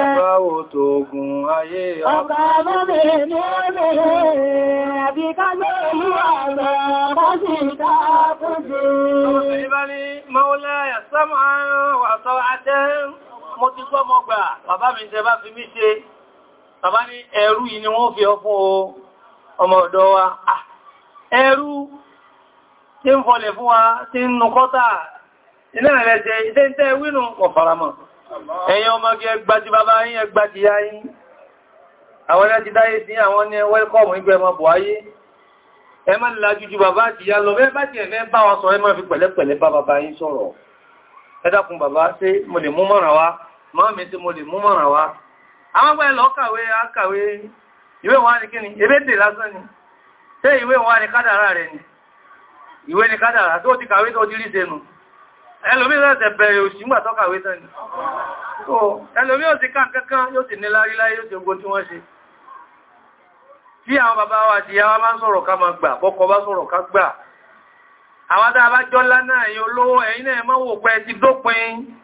Bàbá wo tó gùn ayé. Ọkà mọ́ mi ní ayé. Àfi kágbó olówàgbọ́. Káàkì ìtàkù sí mo ti gbọ́ mọ́ gbà bàbá mi tẹ bá fi mí ṣe bàbá ní ẹrú yìí ni wọ́n fi ọkún ọmọ ọ̀dọ́ wa ah, ẹrú tí ń fọlẹ̀ fún wa tí ń nu kọ́tà iná rẹ̀ jẹ iṣẹ́ tẹ́ wínú ọ̀faramọ̀ ẹ̀yin ọmọge ẹgbàtí bàbá yín ẹgbàtí yá yín àwọn ẹ̀dá ti dáyé sí àwọn ní wẹ́lkọ́mù ìgbẹ́ ọmọ buhari ẹ má lájú ju bàbá àti ìyá lọ bẹ́ẹ̀ bá ti ẹ̀mẹ́ bá wọn sọ ẹ má fi pẹ̀lẹ́pẹ̀lẹ́ bá bàbá yín sọ̀rọ̀ ẹ dákun bàbá ṣé mo lè mú mọ́ràn wá mọ́ mi tí mo lè mú mọ̀ràn wá àwọn ọgbà ẹ̀lọ́ kàwé akàwé ìwé wọn ni kíni ebédè lásán ni ṣé ìwé wọn ni kádàrá rẹ̀ ni ìwé ni kádàrá tó ti kàwé tó ti rí sẹ́nu ẹlòmí lọ́sẹ̀ bẹ̀rẹ̀ òṣìngbà tó kàwé ni ẹlòmí ò sí kàn kankan yóò sì nílárí láyé yóò ti ogun tí wọ́n ṣe tí àwọn bàbá wa ti yá wá máa ń sọ̀rọ̀ ká máa gbà bọ́kọ bá sọ̀rọ̀ ká gbà àwọn tàbá jọ́lá náà yóò lówó ẹ̀yìn náà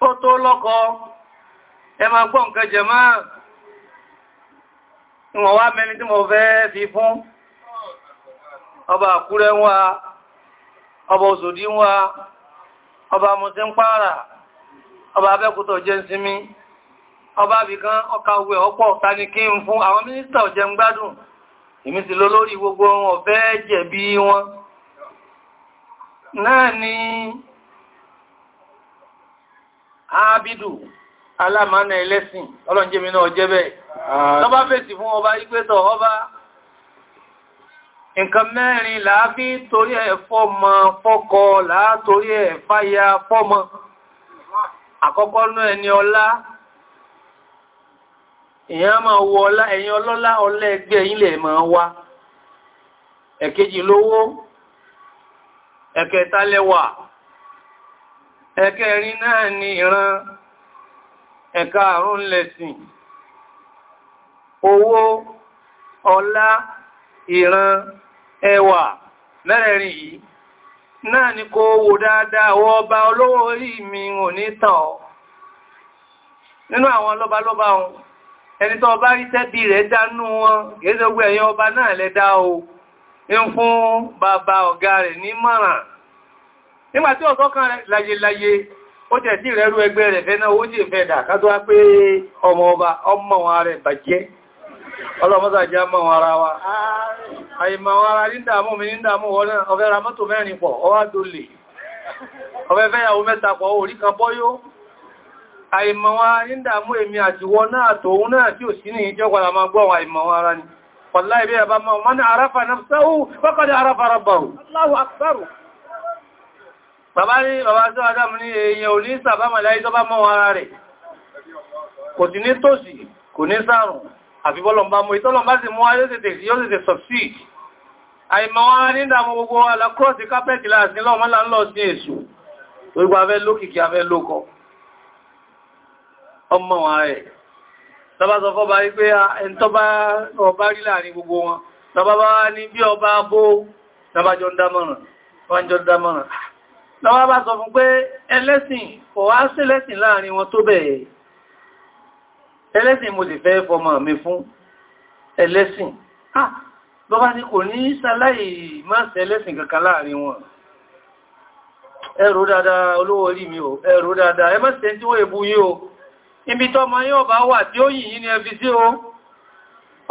ó tó lọ́kọ ẹ máa gbọ́ nǹkan jẹ máa wọ́n wá mẹ́ni tí mo fẹ́ fi fún ọba àkúrẹ́ wá ọba òsòdí wá ọba mọ̀sí ń pààrà ọba abẹ́kútọ̀ jẹ́ sinmi ọba àbìkan ọka owó ọ̀pọ̀ tani kí n fún àwọn mínísítà ọ̀jẹ́ ń gbádùn èmi sì lọ lórí gbogbo wọn ọ̀fẹ́ jẹ̀bi wọn náà ni ábídù alámánà ẹlẹ́sìn ọlọ́njẹ́mi náà jẹ́ bẹ́ẹ̀ ah. tó bá fèsì fún ọba ìgbésọ̀ ọba nǹkan mẹ́rin láàbí torí ẹ̀ fọ́mọ fọ́kọ láàtorí ẹ̀ fáyà fọ́mọ àkọ́kọ́ náà ẹni ọlá èyàn máa wo ọlá lówó ẹ̀kẹta lẹ́wà ẹkẹrin náà ni ìran ẹka àrùn lẹ́sìn owó ọlá ìran ẹwà mẹ́rẹ̀rin yìí náà ni kò wò dáadáa wọ ọba olówó orí mi ò ní tàn ọ́ nínú àwọn lọ́balọ́ba ẹni ọba rí tẹ́bí rẹ̀ dánú wọn gẹ́gẹ́ ọba náà lẹ́dá o ń fún bàbá ọ̀gá rẹ̀ nígbà tí ọ̀tọ́ kan láyéláyé ó jẹ̀ sí ìrẹ́rú ẹgbẹ́ rẹ̀ fẹ́ náà ó jì fẹ́ dà ká tó wá pé ọmọ ọba ọmọ wọn rẹ̀ bàjẹ́ ara wa àìmọ̀ ara ní mi ní ra mọ́tò mẹ́rin pọ̀ ọwá mẹ́ta pọ̀ orí kan ara èmi àti náà náà tí ò sí ní máa gbọ́ àwọn ara ni ẹ̀bá ní àráfà náà àráfà bàbá ní bàbá tó adámù ní èèyàn ò ní sàbámàlá ìjọba mọ́ ara rẹ̀ kò sí ní tòsí kò ní sàrùn àfi bọ́lọ̀mbá mú ìtọ́lọ̀mbá sì mú ayé tètè yóò tètè succeed àìmọ̀ wọn ní ìdàmú gbogbo alákọ́ọ̀sì kápẹ́ẹ̀tì láàsí lọ́mọ́lá ń lọ sí èṣù gbogbo afẹ́ lókìkí afẹ́ lókọ ọmọ wọn rẹ̀ lọ́bá sọ fọ́bá wípé ẹntọ́bá ọba rí láàrin gbogbo wọn lọ́bá bá ní bí ọba bó lọ́bá jọ ń dámọ̀ràn lọ́wọ́ bá sọ fún pé ẹlẹ́sìn kò wá sí lẹ́sìn láàrin wọn tó bẹ̀ẹ̀ ẹlẹ́sìn mo sì fẹ́ fọmọ mi fún ẹlẹ́sìn lọ bá ní kò ní sàláì má ṣe ẹlẹ́sìn kankan láàrin wọn ẹrù dáadáa olówó orí mi o ẹrù dáadáa ẹ má ṣe tí wọ́n èbú yí o ibi tọ́mọ yóò bá wà tí ó yìí ní ẹbí sí o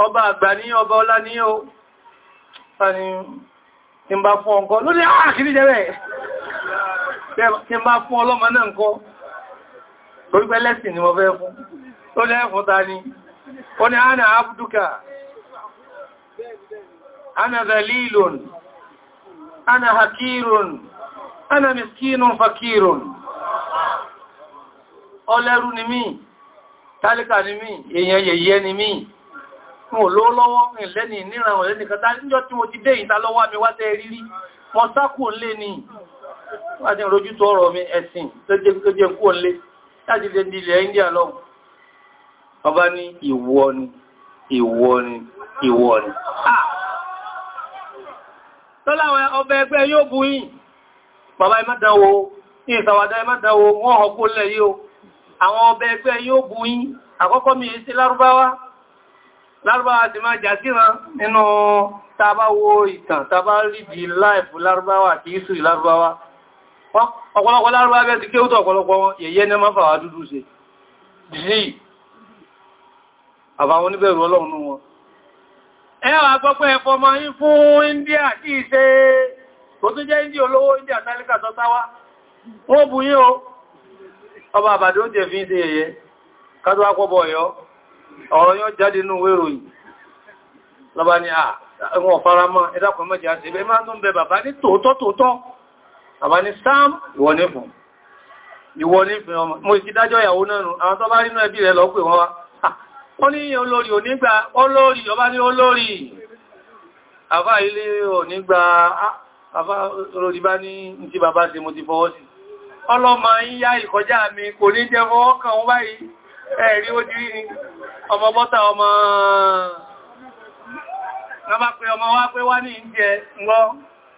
ọba àgbà ní ọba ọlá ní o tí ń bá fún ọkọ̀ lórí àkìrí ah, jẹ́ bẹ́ẹ̀ tí bá fún ọlọ́mọ náà kọ́ torí lẹ́sìn ni mo fẹ́ fún ó ní ni ó ní ana abduka ana zalilun ana hakirun ana miskinun fakirun ọlẹ́rú ni mí tálíkà ni mí èèyàn ni mí mo ló lọ́wọ́ ìlẹ́ni níran ọ̀lẹ́ni kata níjọ́ tí mo ti dé ìta lọ́wọ́ mi wá tẹ́ rírí mọ́ sákùn ni wọ́n ti rojú tó ọ̀rọ̀ mi ẹ̀sìn tó jẹ́ tó jẹ́ kúrò lé láti lè ní ilẹ̀ India lọ ọba ní ìwọ ni ìwọ ni ìwọ ni tọ́láwọn ọba ẹgbẹ́ yóò bú yìí bàbá ẹmọ́dánwò ní ìsàwàdá ẹmọ́dánwò wọ́n ọkó lẹ̀ yóò àwọn ọba ẹgbẹ́ yóò bú yìí àkọ́kọ́ mi sí lárúbáwá lárúbáwá ti máa jàsíran nínú tàbáwó ìtàn tàbá rídìí láìfù lárúbáwá àti ìsù lárúbáwá ọ̀pọ̀lọpọ̀ lárúbá bẹ́ ti ọ̀pọ̀lọpọ̀ wọn yẹ̀yẹ́ ní máa fàwà dúdú ṣe dìí àbáwọn oníbẹ̀rù ọlọ́run wọn ẹwà gbọ́pẹ́ ẹ̀fọ́ ma ń fún India kí í ṣe tó tún jẹ́ India olówó India tálíkà tọ́táwá wọ́n yí o ọba àbàdé ó jẹ́ fi ń ṣe yẹ̀yẹ́ ọ̀yọ́ ọ̀rọ̀ jáde inú lọ́ba ni bàbá ní sam ìwọ ní fún ìwọ ní fún ọmọ mo ìsí dájọ́ ìyàwó náà nù àwọn tó bá rí náà ẹbí rẹ̀ lọ pè wọ́n wá wọ́n ní olórí onígbà olórí ọba ní olórí àbá ilé onígbà àbá olórí bá ní ti bàbá ṣe mo ti fọwọ́ sí ọlọ́mọ yíyá ìkọjá mi kò ní jẹ́ fọwọ́ kan wọ́n báyìí ẹ̀rí ó dìrí ni ọmọ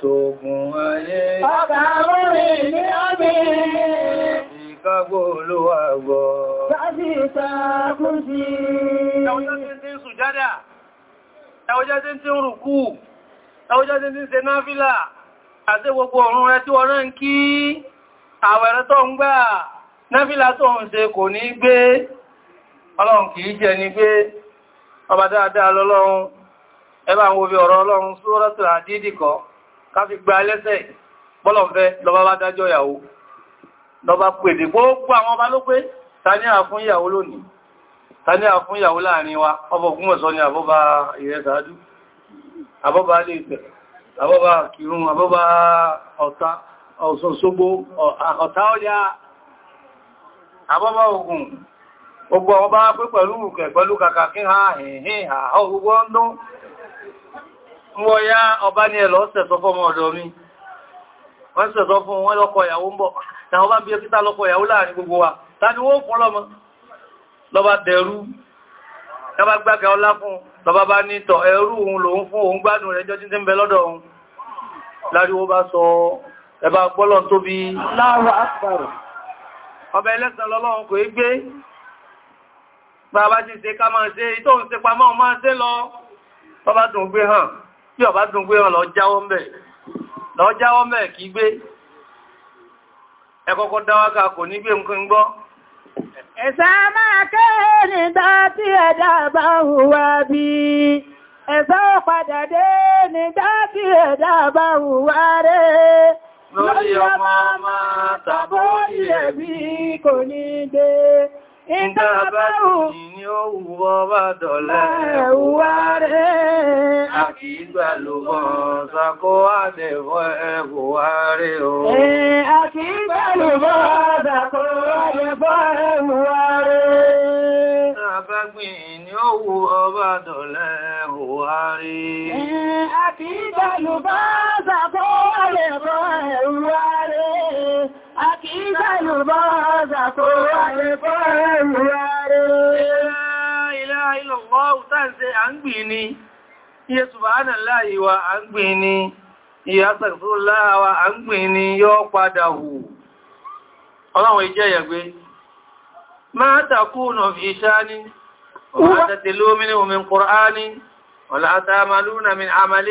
tógun ayé. Ọba orí ní ọmọ Ìkágbó olówà gbọ́. Sáàbí ìtàkùn sí. Ẹwọ́jọ́ tí ń sùjádà, ẹwọ́jọ́ tí ń tí ń rùkú, àti gbogbo ọ̀run rẹ tí wọ́n rán kí tó ń gbà náfílà tó ń gbé ọlọ́run kìí jẹ ní gbé ọba dáadáa lọ́lọ́run ọ̀rọ̀ ọlọ́run káfí gba lẹ́sẹ̀ bọ́lọ̀fẹ́ lọba bá dájọ́ ìyàwó lọba pèdè gbogbo àwọn ọba ló pé tani à fún ìyàwó lónìí tani à fún ìyàwó láàrin wa ọbọ̀ fún ọ̀sọ́ ni àbọ́bà ìrẹsàájú àbọ́bà alẹ́ ìfẹ̀ àbọ́bà kìrún àbọ́bà ọ̀tá ọ̀sọ̀sọ́gbó ọ̀tá ọjà àbọ́bà ogun gbogbo àwọn bá pẹ́ pẹ̀lú kẹ̀ pẹ̀lú ha hìn mọ́ ya ọba ní ẹ̀lọ́ ọ̀sẹ̀tọ́ fọ́mọ ọ̀dọ̀ mi wọ́n sẹ̀tọ́ fún wọn lọ́kọ ìyàwó ń bọ̀ tàwọn bá bí ó kíta lọ́kọ ìyàwó láàrin gbogbo wa ta ni wọ́n fún lọ́mọ lọ́ba dẹ̀rú lọ́ba gbága ọlá fún lọ́ba bá ní tọ̀ ẹrú òun lòun fún òun gbádùn rẹ̀ jọ́jí tí ń bẹ lọ́dọ̀ òun láriwo bá sọ é gbé bàbá ti ṣe ká máa ṣe ìtòun ṣe pamọ́ máa ṣe lọ bàbá dùn gbé hàn bí ọba dùn gbé wọn lọ jáwọ́ mẹ́ lọ jáwọ́ mẹ́ kì gbé ẹkọ́kọ́ dáwákà kò ní gbé nǹkan gbọ́ ẹ̀sá máa kéré nígbà tí ẹ̀dá bá hùwà bí ẹ̀sá padà dé nígbà tí ẹ̀dá bá hùwà rẹ̀ lórí ọmọ máa tàbí ẹ̀bí kò ní dé Ìta bẹ́rù ni ó wùwọ́ bá dọ̀lẹ́ ẹ̀wùwá rẹ̀. A kì í gbà ló bọ́n sàkó àdẹ̀wọ̀ ẹ̀wùwá rẹ̀ o. A kì í gbà ló bọ́n sàkó àdẹ̀wọ̀ ẹ̀wùwá rẹ̀. Ìta ni ó wùwọ́ bá dọ̀lẹ́ ẹ̀wùwá rẹ̀. Àkídà Yorùbá àzà tó wà ní fọ́ẹ̀rù rẹ̀. Ilá ìlọ̀wọ́ òtàǹsẹ̀ à ń gbìn ni, iye ṣùgbọ́n láàyè wa à ń gbìn ni, iye asàkùsùn láàwà à ń gbìn ni yóò padà hù. Ọlọ́run ìjẹ́ ìyàgbé, máa tàkùnà fi ṣáá ní, ọ̀rọ̀ àtàtẹ̀lómi ní omi Kùránì. ولا تعملون من عمل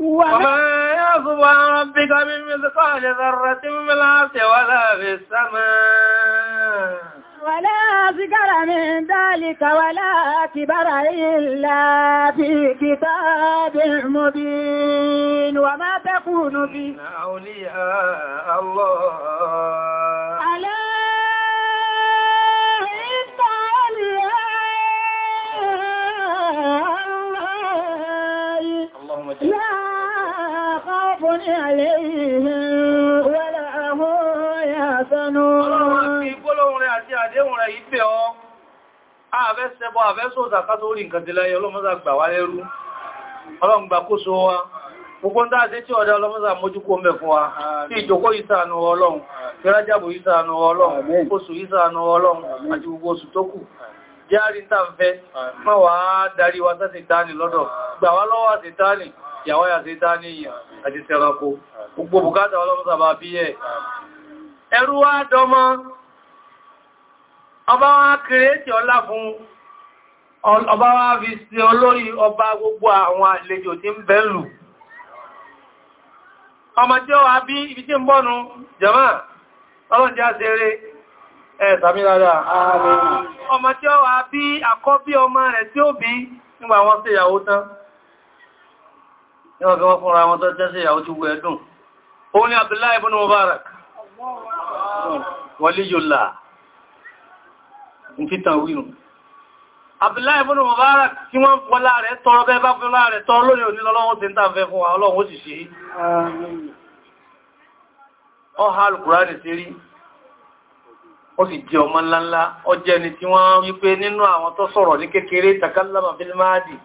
وما يصب عن ربك من مثقال ذرة في الأرض ولا في السماء ولا صغر من ذلك ولا كبر إلا في كتاب مبين وما تكون فيه أولياء الله ألا عليهم gbà kó so wa, gbogbo ń dáadé tí ọ̀dá ọlọ́mọ́sà mójúkó mẹ́ fún wa, tí ìjòkó ìsànú ọlọ́run, ìrájábò ìsànú ọlọ́run, oṣù ìsànú ọlọ́run, àti gbogbo oṣù tó kù járí tàbí fẹ́, máa wà á darí wa sátìtánì ìyàwó àti ìdáníyàn àti sẹ́ranko gbogbo bùkátà ọlọ́run sàbà bí ẹ̀ ẹrú wá dọmọ ọba wá kìrẹ́tì ọlá fún ọba wá fi sí olórí ọba gbogbo àwọn àlejò tí ń bẹ́lù ọmọ tí ó wà bí ibi tí ń bọ́nu jàmá ọlọ́run jẹ́ àṣẹ́rẹ́ ẹ̀sàmí rárá ọmọ tí ó wà bí àkọ́bí ọmọ rẹ̀ tí ó bí nígbà wọn ṣèyàwó tán níwọ̀n kí wọ́n fúnra wọn tó jẹ́sẹ̀ ìyàwó tí wọ́n ẹ̀dùn ó ní Abdullahi ibn Mubarak waliyullah ní tàn wíru Abdullahi ibn Mubarak tí wọ́n fọ́lá rẹ̀ tọrọ bẹ́ bá fọ́lá rẹ̀ tọrọ lónìí òní lọ́lọ́wọ́ ti ń tàn fẹ́ fún wa ọlọ́run ó sì ṣe ọha alùkùránì sí rí ó sì jẹ ọmọ ńláńlá ọjẹ́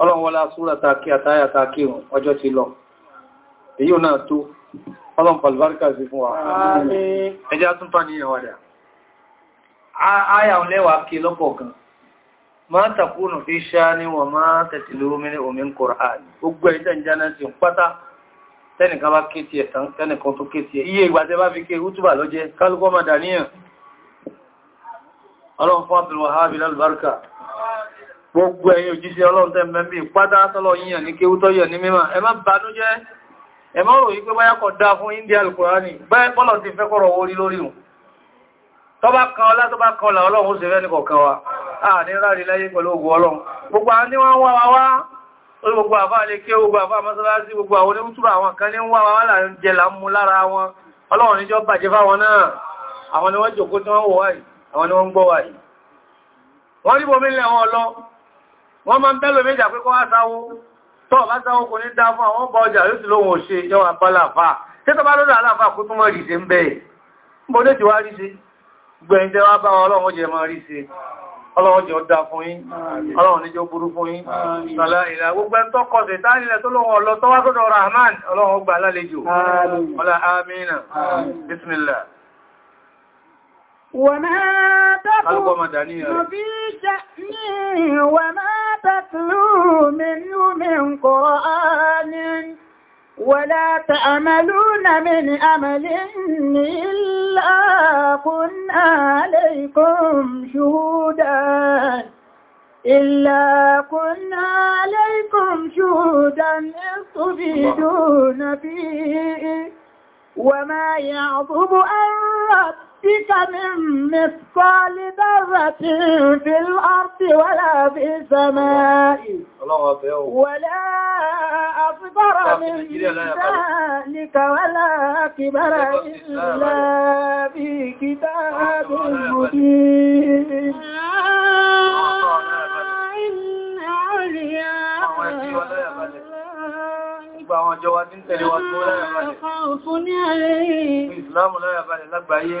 ọlọ́run wọlá súra tàkí àtàyà tàkí ọjọ́ ti lọ èyí náà tó ọlọ́run pàlùbáríkà sí fún wa ẹjá tún fà ní ìwàdà ayàun lẹ́wà kí lọ́pọ̀ kan ma takunu fi shani wa ma tatilu min umin qur'an gbogbo ìdá ìjáná ti pátá tẹ́nìkan bá kéti ẹ̀ tán tẹ́nìkan tó kéti ẹ̀ iye ìgbà tẹ́ bá fi ké hútùbà lọ́jẹ́ kálùkọ́ ma dàníyàn ọlọ́run fún Abdul Wahhab lálùbáríkà gbogbo ẹ̀yin òjíṣẹ́ ọlọ́run tẹ́ mẹ́mí pátá sọ́lọ yíyàn ní kéwú tọ́yọ̀ ní mímọ̀ ẹ má bànújẹ́ ẹ má rò wípé báyá kọ̀ dá fún India Al-Qur'ani bẹ́ẹ̀ bọ́lọ̀ ti fẹ́ kọ́rọ̀ orí lórí hùn tọ́bá kan ọlá tọ́bá kan ọlá ọlọ́run sì fẹ́ ní kọ̀ọ̀kan wa a ní rárí láyé pẹ̀lú ogun ọlọ́run gbogbo àwọn ní wọ́n wá wa wá orí gbogbo àfá lè ké gbogbo àfá mọ́sálásí gbogbo àwọn onírútúrà àwọn kan ní wá wa wá là ń jẹ là ń mú lára wọn ọlọ́run níjọ́ bàjẹ́ fáwọn náà àwọn ni wọ́n jòkó tí wọ́n wò wáyìí àwọn ni wọ́n gbọ́ wáyìí wọ́n rí bomi lẹ́wọ́n ọlọ́ wọ́n máa ń bẹ́lò méjà pé kọ́ wá sáwó tọ́ bá sáwó kò ní dá fún àwọn ọba ọjà yóò sì lóhun òṣè yọ́n àpá láàfà tí tọ́ bá lọ́dọ̀ aláàfà kó túnmọ̀ rí ṣe ń bẹ́ẹ̀ mo dé ti wá rí ṣe gbẹ̀ǹdẹ́ wá bá ọlọ́run jẹ máa rí ṣe ọlọ́run jẹ ọdá fún yín ọlọ́run níjọ burú bismillah وما تقول في شأنه وما تتلو منه من قرآن ولا تأملون من أمل إلا كنا عليكم شهودا إلا كنا عليكم شهودا إذ فيه وما يعظم أن ربك ربك من مثقال ذرة في الأرض ولا في السماء ولا أصغر من ذلك ولا كبر إلا في كتاب مبين gbogbo àwọn ọjọ́ wa tí ń wa tó láyàbalẹ̀. Ìsìlámù láyàbalẹ̀ lágbàáyé.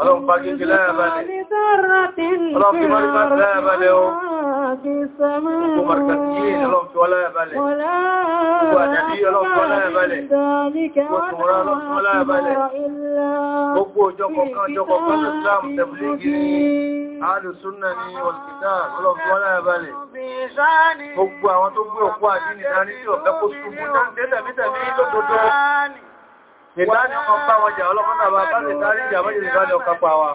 Ọlọ́run pàgí kí láàbálẹ̀. Ọlọ́run fi mọ́rí máa láàbálẹ̀ o. Gbogbo markàtíyè ọlọ́run fi wọ́n láàbálẹ̀. Gbogbo àjàdí ọlọ́run fi wọ́n láàbálẹ̀. Gbogbo tòmọ́rá ọlọ́run fi wọ́n láàbálẹ̀. Gbogbo ọjọ́ kọ̀ọ̀kan ọjọ́ kọ̀ọ̀kan ló sáàmù tẹ̀bùlé gírí. Àádù súnnà ni ọ̀sìtà ọlọ́run fi wọ́n láàbálẹ̀. Gbogbo àwọn tó gbé òkú àdínì dání tí ọ̀fẹ́ kó ṣubú náà tẹ́tẹ̀mítẹ̀mí lódodo. Nìdáni kan bá wọn jà ọlọ́pàá tàbà bá lè dárí ìjà mọ́jì lè dárí ọkà pa wa.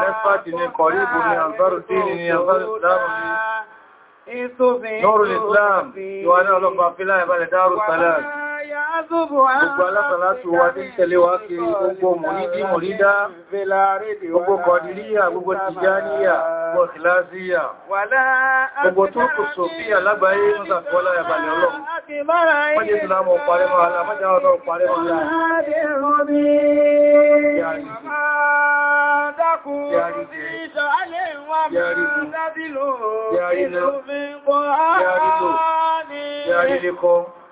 Lẹ́fàtì ni kọ̀rí ìbò ni àbárò tí ni ni àbárò ìsìláàmù ni. Nọ́rù ìsìláàmù, ìwà ní ọlọ́pàá fílà ìbálẹ̀ dárù sàlẹ̀. Gbogbo alátàlátù wa ní tẹ̀lé wa kiri gbogbo mòrídí mòrídá, gbogbo kọ̀dìríyà, gbogbo tìjáníyà, gbogbo kìláàsíyà, gbogbo tó kò sòfí alágbàáyé ń sàkọ́lá ẹ̀bàlẹ̀ ọlọ́run. Wọ́n jẹ́ ìsìnà mọ̀ parẹ́ mọ́ alámájá ọlọ́run parẹ́ mọ́ láàrín. Yàrí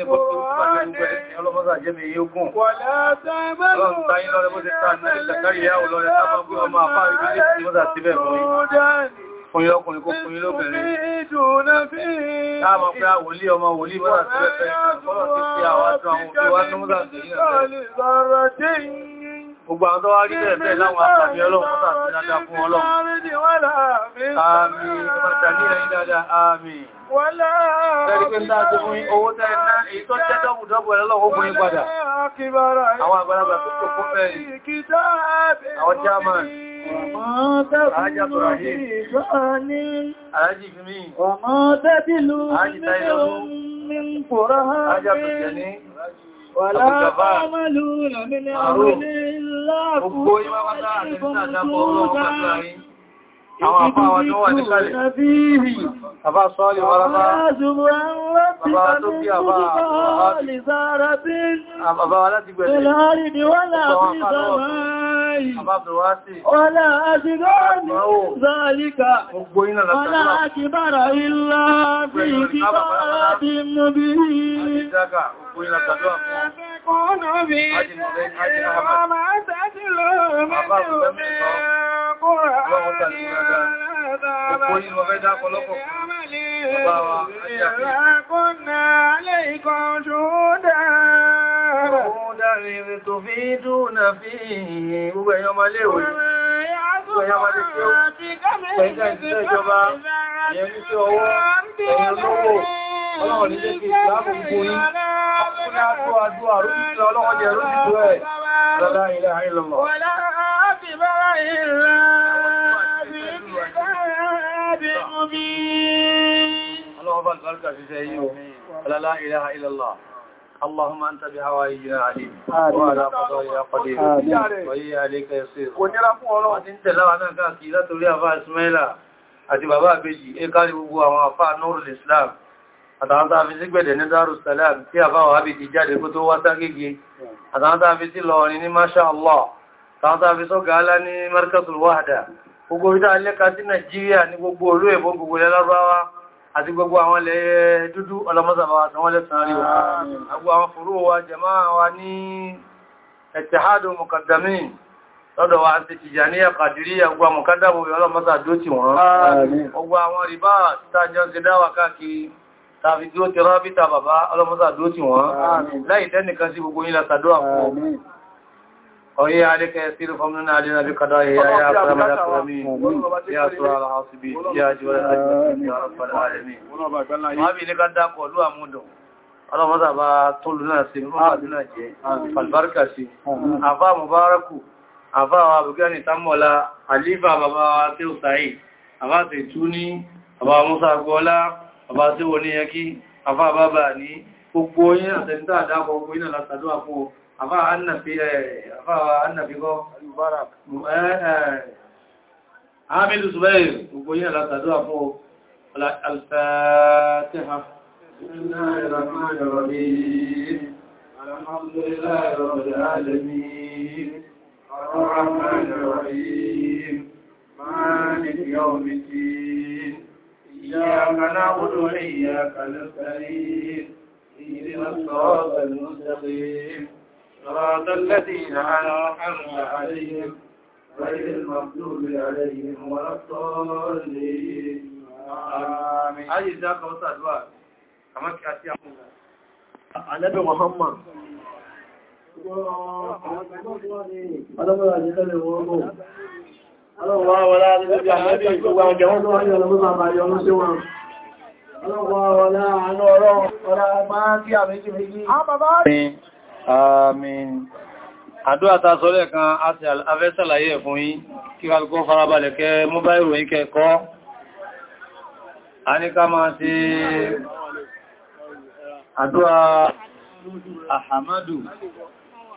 lè bọ́ tó pàdé ọlọ́mọ́sà jẹ́ mi yóò gùn. Ọlọ́run tayí lọ́rẹ́ bó ti tàn náà ìtàkárí yá olọ́rẹ́ sábà gbé ọmọ àpá ìgbé tí mọ́sà síbẹ̀ fún yí fún yí ọkùnrin kó fún yí lóbìnrin. Táàmà pé a wòlí ọmọ wòlí mọ́sà síbẹ̀ fẹ́ Gbogbo àwọn tó wá rí bẹ́ẹ̀ bẹ́ẹ̀ láwọn àtàbí ọlọ́run tàbí dáadáa fún ọlọ́run. Àmín, ìpàdà ní ẹ̀yìn dáadáa, àmín. Wọ́lá ẹ̀rìgbẹ́ sáà tó fún owó tẹ́ ná èyí tó jẹ́ dọ́gbùdọ́gbù ẹ̀lọ́wọ́ ogun yí padà. Àwọn àgbàlagbà tó tó kó fẹ́ yìí. Àwọn German. Àájá tó Wàlá àmàlù ìrànmílẹ̀ àwọn ilé ńlá fún ọ̀rẹ́ Àwọn àpáwà tó wà ní kàlẹ̀. Àbá sọ́ọ̀lì wọ́n rábá. Àbá Ọlá àti gọ́ọ̀nì Ọlá àti bára ilá bí ìkí bára bí mú Orin àtàdọ́ àfún. Akẹ́kọ̀ọ́ mi, ọmọ àtàdì lọ́mọ mi, kọ́ra ní àlàdà. Òkú yìí lọ fẹ́ dá ọ̀pọ̀lọpọ̀. Bàbá wa, ajá kí. Ìràkọ́nà alẹ́ ikọ̀ ṣúdá. Ṣúdá rere tó fi dúnà fi gbogbo ẹ̀yọ́ máa léèwé. Gbogbo ẹ̀yọ́ máa léèwé. Ẹ̀yọ́ Ọlọ́ọ̀bá albarka fi ṣe yíò, alálá ilaha illallah. اللهم أنت بهوائينا عليم وعلى قضائها قدير وهي عليك يصير وانت لعنك أكيدة لأبا إسماعيل àti bàbá àbèjì ẹkárí gbogbo àwọn àfáà Nurul Islam àtàwọn tàà fi sí gbẹ̀dẹ̀ ní Darussalam tí àfáwà ábì ti jáde kó tó wá ságége àtàwọn tàà fi sí lọrin ní Masha Allah àtàwọn tàà fi sọ́gá alá ní Markazul Wahda gbogbo ìdá alẹ́ka sí Nàìjíríà ní gbogbo olú ẹ̀bọ́ gbogbo lẹ́lọ́rọ́wá àti gbogbo àwọn ilẹ̀ dúdú ọlọ́mọ́sàbáwà tí wọ́n lẹ́sàn rí wa àwọn fòró wa jàmáà wa ní Ittihadu Muqaddamin lọ́dọ̀ wa ti Tìjàníyà Kàdìríyà gbogbo àmọ̀kádàbò ọlọ́mọ́sàdó ti wọ́n ọgbà àwọn rìbá tàjọ́ ti dáwà káàkiri tàbí dúró ti rábítà bàbá ọlọ́mọ́sà dúró ti wọ́n láì tẹ́nìkan sí gbogbo yín látàdúwà fún ọ̀yẹ́ alẹ́kẹ́ sílù fọ́mùnà alẹ́nàbí kàdá ẹ̀yà ya fàmàdà fọ́mí ya tó ara ọ̀sìbí ya jíwọ́ ọlọ́mọ́sà bá tó lù náà sí mọ́ àdúnà jẹ́ albarka sí àfá mubaraku àfá àwọn abúgbẹ́ni tamọ́lá àlífà bàbá tí ó sáyé àbá tẹ̀ tú ní àbá musa gọ́lá àbá tí wọ́n ní ẹkí àbá bàbá ní gbogbo yín àtẹ̀ntà àdápọ̀ ogun iná látàdó àpò àbá annafikọ́ àmìlú sùgbẹ́ gbogbo yín látàdó àpò alfàtíhà Alhamdulillah Rabbil Alamin Ar-Rahman ar إياك نعبد وإياك نستعين اهدنا الصراط المستقيم صراط الذين أنعمت عليهم غير المغضوب عليهم ولا الضالين آمين أي ذاك وصدوات كما كاتي النبي محمد Ọlọ́pàá àti ìkẹ́lẹ̀ wọn mọ̀. Ọlọ́run wá wọlá ní bí i àmẹ́bí ìgbogbo àwọn jẹun tó wáyé ọ̀nà mọ́bàá bàrí ọmọ sí wọn. Ọlọ́run wá wọlá àánú ọ̀rọ̀ ọ̀rọ̀ máa kí àmẹ́jì méjì. Á bàbá rí. Àmín. Àdúrà ta sọ lẹ́kan àti afẹ́sàlàyé ẹ̀fún yín kí kálukọ́ farabalẹ̀ kẹ mobile ròyìn kẹ́kọ́. A ní ká máa ti àdúrà Ahamadu.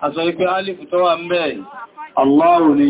A sọ wípé Alif tó wà ń bẹ̀ Allahu ni.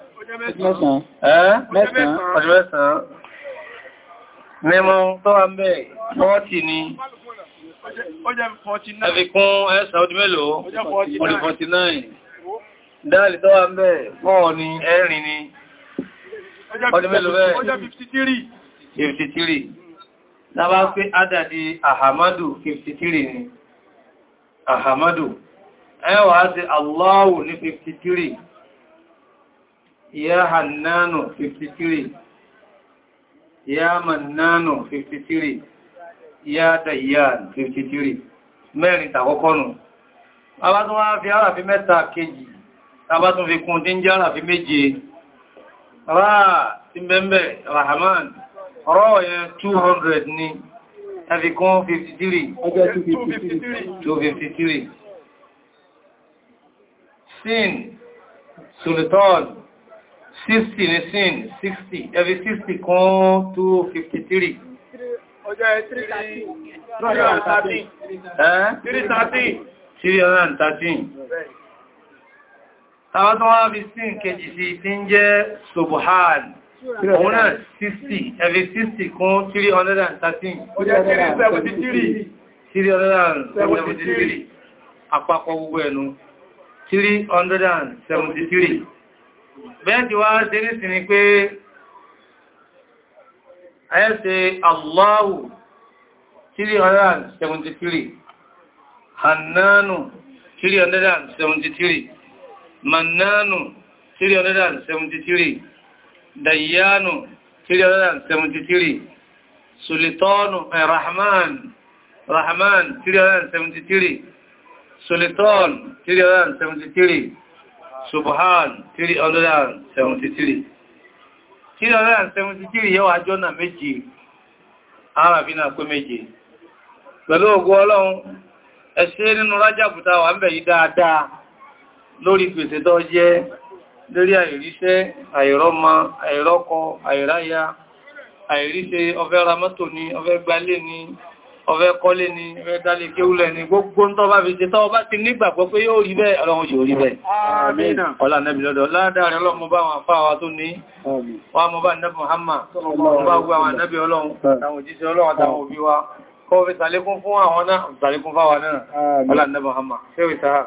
Mẹ́mọ́ tó wà ń bẹ̀ fọ́ọ̀tì ni, ẹfikún ẹ̀sà ọdún mélòó, ọdún 49. Dáàlì tó wà ń bẹ̀ fọ́ọ̀ ni ẹ̀rin ni, ọdún mélòó bẹ́ẹ̀. Ọjọ́ 53. 53. Lábá pé ádàdì Ahamadu 53 ni. Ahamadu. Ẹwà á ti Allahu ní 53. Ya Hannanu 53 Ya Mannanu 53 Ya Dayyan 53 mẹ́rin tàkọ́kọ́nù. Bàbá tún wá fi ara fi mẹ́ta kejì, bàbá tún fi kún tí ń jẹ́ ara fi méje. Ráà ti mẹ́mẹ́ Rahman, ọ̀rọ̀ yẹn 200 ni, ẹfi kún 53. Ọjọ́ 253. 253. Sin, Sultan, 60 ní sin 60 ẹbí 60 kún 253 ọjọ́ ẹ̀ 313 313 313 àwọn tó wọ́n fi sin kejì sí tí ń jẹ́ subhan òun náà 60 ẹbí 60 kún 313 ọjọ́ 373 373 àpapọ̀ gbogbo ẹnu 373 bẹ́ẹ̀dì wá ṣe ní sí ni pé ayẹ́sẹ̀ Allahu 373 Hannanu 373 Mannanu 373 Dayyanu 373 Sulitanu eh, Rahman Rahman 373 Sulitan 373 Subhan 373. 373 yóò àjọ́ náà méje, Arabi náà pé méje. Pẹ̀lú ogun Ọlọ́run, ẹ̀ṣẹ́ nínú rájàbùta wà ń bẹ̀ yí dáadáa lórí pèsè tó jẹ́ lórí àìríṣẹ́, àìrọ́mọ, àìrọ́kọ, àìráyá, àìríṣẹ́ ọfẹ́ ramọ́tò ni, ọfẹ́ gbalé ni, ọfẹ́ kọ́lé ni ẹfẹ́ dálé kéúlẹ̀ ni gbogbo ń tọ́bá fi ṣe tọ́wọ́ bá ti nígbàgbọ́ pé yóò rí bẹ́ẹ̀ ọlọ́run yóò rí bẹ́ẹ̀ ọlá nẹ́bì lọ́dọ̀ ládáàrin ọlọ́run bá wọn fà wá tó ní wọ́n mọ́ bá nẹ́bì Muhammad bá gbà wọn nẹ́bì ọlọ́run àwọn òjíṣẹ́ ọlọ́run àtàwọn òbí wa kọ́ fi tàlékún fún àwọn náà tàlékún fáwa náà